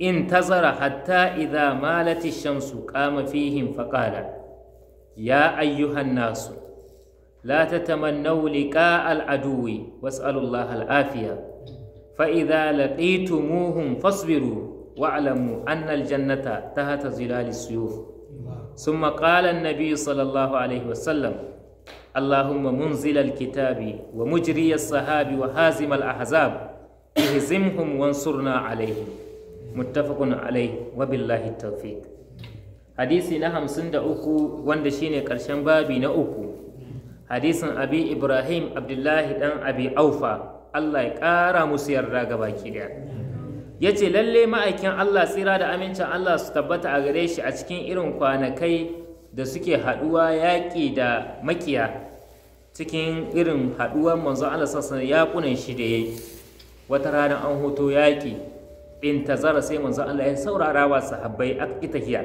انتظر حتى إذا مالت الشمس قام فيهم فقال يا أيها الناس لا تتمنوا لقاء العدو واسألوا الله العافية فإذا لقيتموهم فاصبروا واعلموا أن الجنة تحت ظلال السيوف ثم قال النبي صلى الله عليه وسلم اللهم منزل الكتاب ومجري الصحاب وهازم الأحزاب اهزمهم وانصرنا عليهم متفق عليه وبالله التوفيق hadisi na hamsin da uku wanda shine ƙarshen babi na uku hadisin abi ibrahim abdullahi dan abi aufa allah ya kara musu yarda ga baki daya Yace ce lalle ma'aikin allah tsira da amincin allah su tabbata a gare shi a cikin irin kwanakai da suke haɗuwa yaƙi da makiya cikin irin haɗuwar manzo allah ya kunan shi da ya yi wata rana an hoto yaƙi in tazara sai manzo allah ya saurara wa sahabbai a ita hiya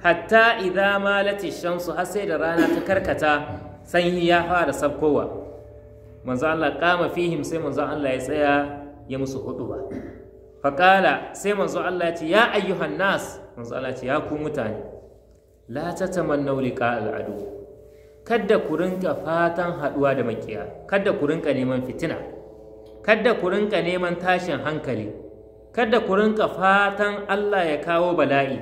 hatta idza malati shamsu har sai da rana ta karkata sanyi ya fara sabkowa manzo Allah kama fihim sai manzo Allah ya tsaya ya musu ba. faqala sai manzo Allah ya ce ya ayyuhan nas manzo Allah ya ce ya ku mutane la tatamannu liqa al adu kada ku rinka fatan haduwa da makiya kada ku rinka neman fitina kada ku rinka neman tashin hankali kada ku rinka fatan Allah ya kawo bala'i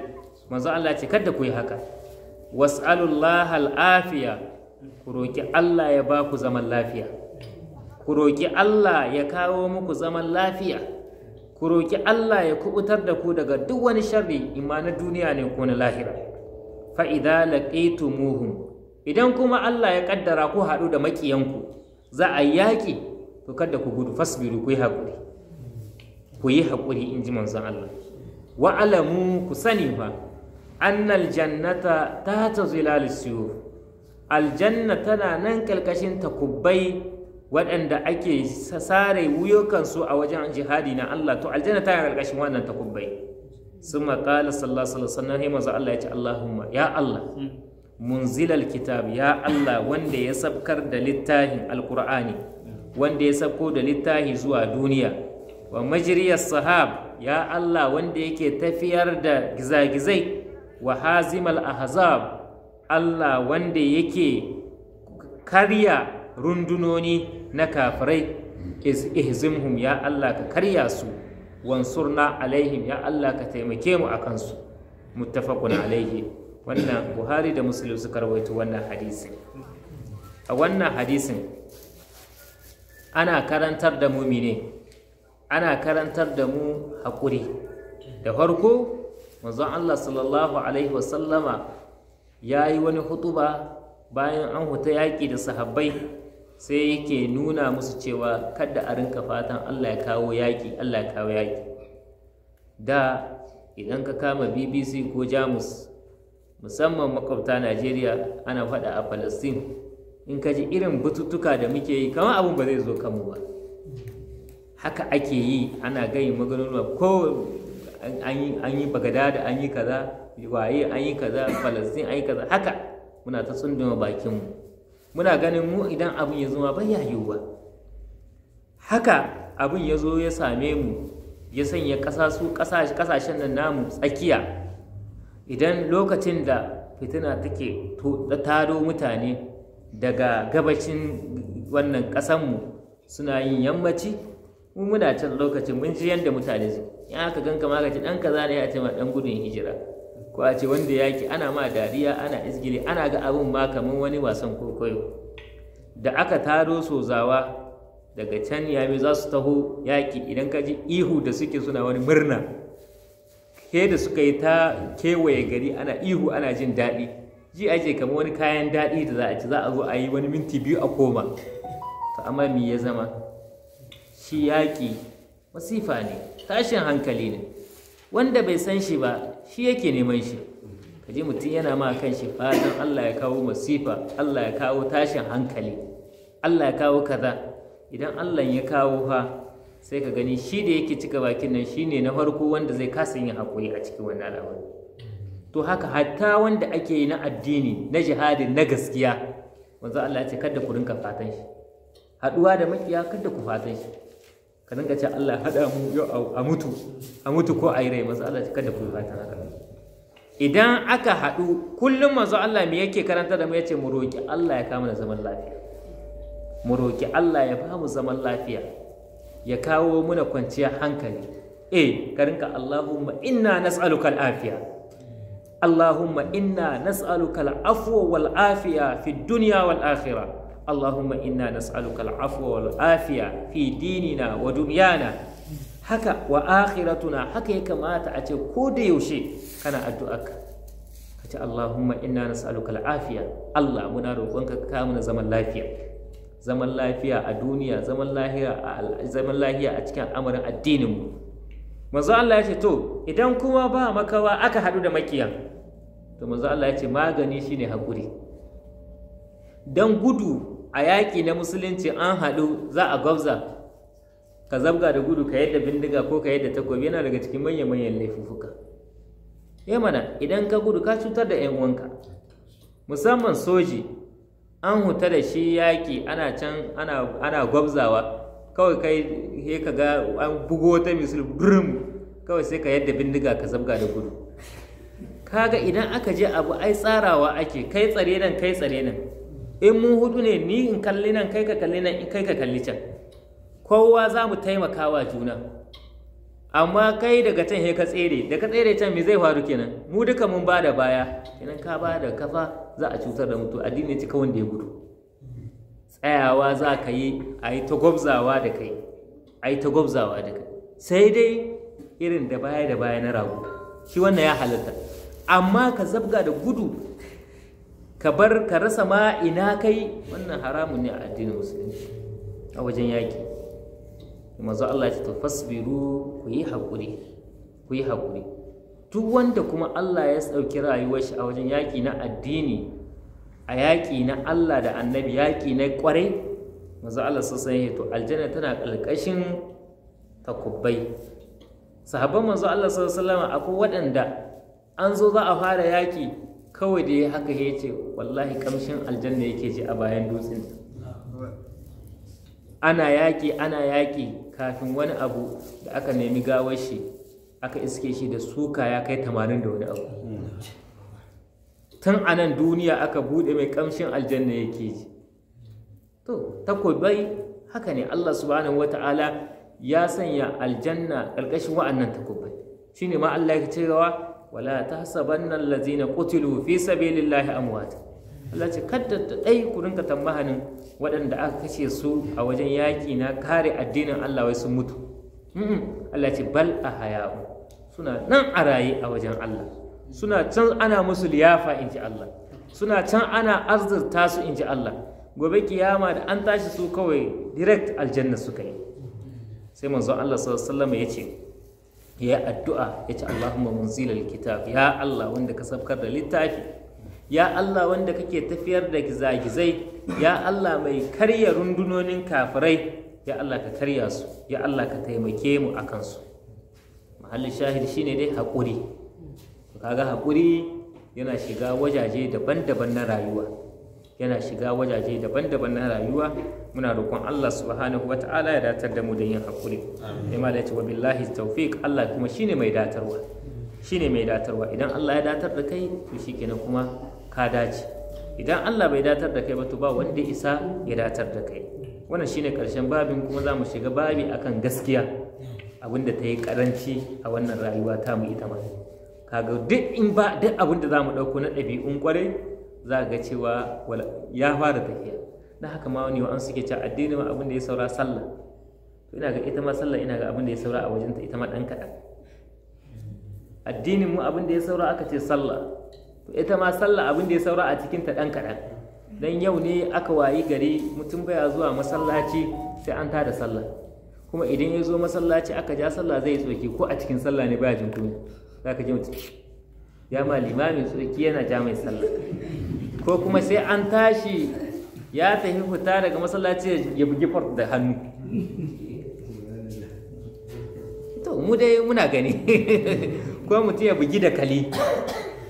manzo Allah ya ce kada ku yi haka was'alullaha al-afiya ku roƙi Allah ya ba ku zaman lafiya ku roƙi Allah ya kawo muku zaman lafiya ku roƙi Allah ya kubutar da ku daga duk wani sharri imma na duniya ne ko na lahira fa idza laqaytumuhum idan kuma Allah ya kaddara ku haɗu da makiyanku za a yaƙi to kada ku gudu fasbiru ku yi hakuri ku yi haƙuri in ji manzon Allah alamu ku sani fa annal jannata ta ta aljanna tana nan ƙarƙashin takubbai waɗanda ake sare wuyokansu a wajen jihadi na Allah to aljanna tana ƙarƙashin wannan takubbai sun maƙala sallallahu alaihi wasallam sai manzo Allah ya ce Allahumma ya Allah munzilal kitab ya Allah wanda ya sabkar da littafin alqur'ani wanda ya sabko da littafi zuwa duniya wa majriyar sahab ya Allah wanda yake tafiyar da gizagizai wa hazimal ahzab Allah wanda yake karya rundunoni na kafirai ihzimhum ya Allah ka karya su wansurna alaihim ya Allah ka taimake mu a kansu muttafaqun alaihi wannan Buhari da Muslim suka rawaito wannan hadisin a wannan hadisin ana karantar da mu mine ana karantar da mu hakuri da farko manzon Allah sallallahu alaihi wasallama ya yi wani hutuba bayan an huta yaƙi da sahabbai sai yake nuna musu cewa kada a rinka fatan Allah ya kawo yaƙi Allah ya kawo yaƙi da idan ka kama bbc ko jamus musamman makwabta najeriya ana faɗa a palestine in ka ji irin bututtuka da muke yi kamar abin ba zai zo kanmu ba haka ake yi ana gani maganin ko an yi bagada da an yi kaza waye an yi kaza falastin an yi kaza haka muna ta tsunduma bakinmu muna ganin mu idan abin ya zama bai yiwuwa haka abin ya zo ya same mu ya sanya ƙasa su ƙasashen nan namu tsakiya idan lokacin da fitina take taro mutane daga gabacin wannan ƙasanmu suna yin yammaci mu muna can lokacin mun ji yadda mutane su in aka ganka magaji ka ɗan kaza ne ya ce ma ɗan gudun hijira ko a ce wanda yaki ana ma dariya ana izgili ana ga abin ma kamar wani wasan kwaikwayo da aka taro sozawa daga can yami za su taho yaƙi idan ka ji ihu da suke suna wani murna ke da suka yi ta kewaye gari ana ihu ana jin daɗi ji ake kamar wani kayan daɗi da za a ci za a zo a yi wani minti biyu a koma to amma me ya zama shi yaƙi masifa ne tashin hankali ne wanda bai san shi ba shi yake neman shi kaji mutum yana ma kan shi fatan Allah ya kawo masifa Allah ya kawo tashin hankali Allah ya kawo kaza idan Allah ya kawo fa sai ka gani shi da yake cika bakin nan shine na farko wanda zai kasa yin hakuri a cikin wannan al'amari to haka hatta wanda ake yi na addini na jihadin na gaskiya manzo Allah ya ce kada ku rinka fatan shi haɗuwa da makiya kada ku fatan shi ka dinga ce Allah hada mu a mutu a mutu ko a yi rai manzo Allah kada ku fatan haka idan aka haɗu kullum manzo Allah me yake karanta da mu yace mu roƙi Allah ya kama da zaman lafiya mu roƙi Allah ya mu zaman lafiya ya kawo muna kwanciyar hankali eh ka rinka Allahumma inna nas'aluka al-afiya Allahumma inna nas'aluka al-afwa wal afiya fi dunya wal akhirah اللهم إنا نسألك العفو fi dinina wa ودنيانا haka wa akhiratuna haka ya kamata a ce ko da yaushe kana addu'arka ka ce Allahumma inna nas'aluka al'afiya Allah muna roƙonka ka kawo mana zaman lafiya zaman lafiya a duniya zaman lafiya a zaman lafiya a cikin amarin addinin mu manzo Allah ya ce to idan kuma ba makawa aka hadu da makiyan to manzo Allah ya ce magani shine hakuri dan gudu a yaƙi na musulunci an haɗu za a gwabza ka zabga da gudu ka yadda bindiga ko ka yadda takobi yana daga cikin manyan manyan laifuka ya eh mana idan ka gudu ka cutar da 'yan uwanka musamman soji an huta da shi yaƙi ana can ana gwabzawa kawai kai he ka ga an bugo ta misul durum kawai sai ka yadda bindiga ka zabga da gudu kaga idan aka je abu ai tsarawa ake kai tsare nan kai tsare nan in mu hudu ne ni in kalli nan kai ka kalli nan in kai ka kalli can kowa za mu taimaka wa juna amma kai daga can he ka tsere da ka tsere can me zai faru kenan mu duka mun ba da baya kenan ka ba da kafa za a cutar da mutu addini cika wanda ya gudu tsayawa za ka yi a yi ta gwabzawa da kai a yi ta gwabzawa da kai sai dai irin da baya da baya na rago shi wannan ya halatta amma ka zabga da gudu ka bar ka rasa ma ina kai wannan haramun ne a addinin musulunci a wajen yaƙi manzo Allah ya ce to fasbiru ku yi haƙuri ku yi haƙuri duk wanda kuma Allah ya sauki rayuwar shi a wajen yaƙi na addini a yaƙi na Allah da annabi yaƙi na ƙwarai manzo Allah sassan ya to aljanna tana ƙalƙashin takubbai sahabban manzo Allah sallallahu alaihi wasallam akwai waɗanda an zo za a fara yaƙi kawai da ya haka ya ce wallahi kamshin aljanna yake ji a bayan dutsen ana yaƙi ana yaƙi kafin wani abu da aka nemi gawar shi aka iske shi da suka ya kai tamanin da wani abu tun anan duniya aka buɗe mai kamshin aljanna yake ji to takobai haka ne allah subhanahu Ta'ala ya sanya aljanna ƙarƙashin wa'annan takobai shine ma allah ya ce gawa? wala tahsabanna allazina qutilu fi sabilillahi amuwata. Allah ce kadda da dai ku rinka tambahanin waɗanda aka kashe su a wajen yaƙi na kare addinin Allah wai sun mutu Allah ce bal a hayaɓu. suna nan a raye a wajen Allah suna can ana musu liyafa in ji Allah suna can ana arzurta su in ji Allah gobe kiyama da an tashi su kawai direct aljanna suka yi sai manzon Allah sallallahu alaihi wasallam ya ce ya addu'a ya ce Allahumma munzilal kitab ya Allah wanda ka sabkar da littafi ya Allah wanda kake tafiyar da gizagizai ya Allah mai karya rundunonin kafirai ya Allah ka karya su ya Allah ka taimake mu a kansu mahallin shahid shine dai haƙuri kaga haƙuri yana shiga wajaje daban-daban na rayuwa yana shiga wajaje daban-daban na rayuwa muna roƙon Allah subhanahu wa ta'ala ya datar da mu da yin haƙuri sai ma ce wa billahi tawfiq Allah kuma shine mai datarwa shine mai datarwa idan Allah ya datar da kai to shikenan kuma ka dace idan Allah bai datar da kai ba to ba wanda isa ya datar da kai wannan shine karshen babin kuma za mu shiga babi akan gaskiya abinda ta yi karanci a wannan rayuwa ta mu ita ma kaga duk in ba duk abinda za mu ɗauko na ɗabi'un kwarai za ga cewa ya fara tafiya na haka ma wani an suke cewa addini ma abin da ya saura sallah to ina ga ita ma sallah ina ga abin da ya saura a wajenta ita ma dan kaɗan addinin mu abin da ya saura aka ce sallah to ita ma sallah abin da ya saura a cikin ta dan kaɗan dan yau ne aka wayi gari mutum baya zuwa masallaci sai an tada sallah kuma idan ya zo masallaci aka ja sallah zai tsoki ko a cikin sallah ne baya jin kunya zaka ji mutum ya ma limamin tsoki yana ja mai sallah ko kuma sai an tashi ya tafi fita daga masallaci ya bugi fort da hannu to mu dai muna gani ko mutum ya bugi da kali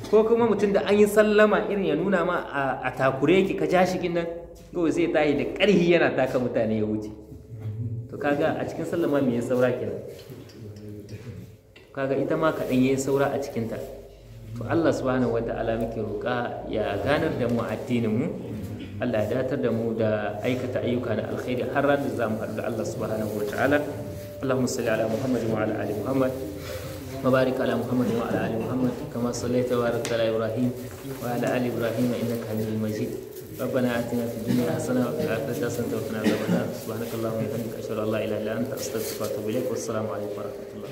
ko kuma mutum da an yi sallama irin ya nuna ma a takure ki ka ja shi nan kawai zai tashi da ƙarhi yana taka mutane ya wuce to kaga a cikin sallama mai ya saura kenan kaga ita ma kaɗan ya saura a cikinta to Allah subhanahu wa ta'ala muke roƙa ya ganar da mu addininmu Allah ya datar da mu da aikata ayyuka na alkhairi har da za mu Allah subhanahu wa ta'ala Allahumma salli ala Muhammad wa ala ali Muhammad mabarik ala Muhammad wa ali Muhammad kama sallaita wa rabbil ibrahim wa ali ibrahim innaka hamidul majid ربنا اتنا في الدنيا حسنه وفي الاخره حسنه وقنا عذاب النار سبحانك اللهم وبحمدك اشهد ان لا اله الا انت استغفرك واتوب اليك والسلام عليكم ورحمه الله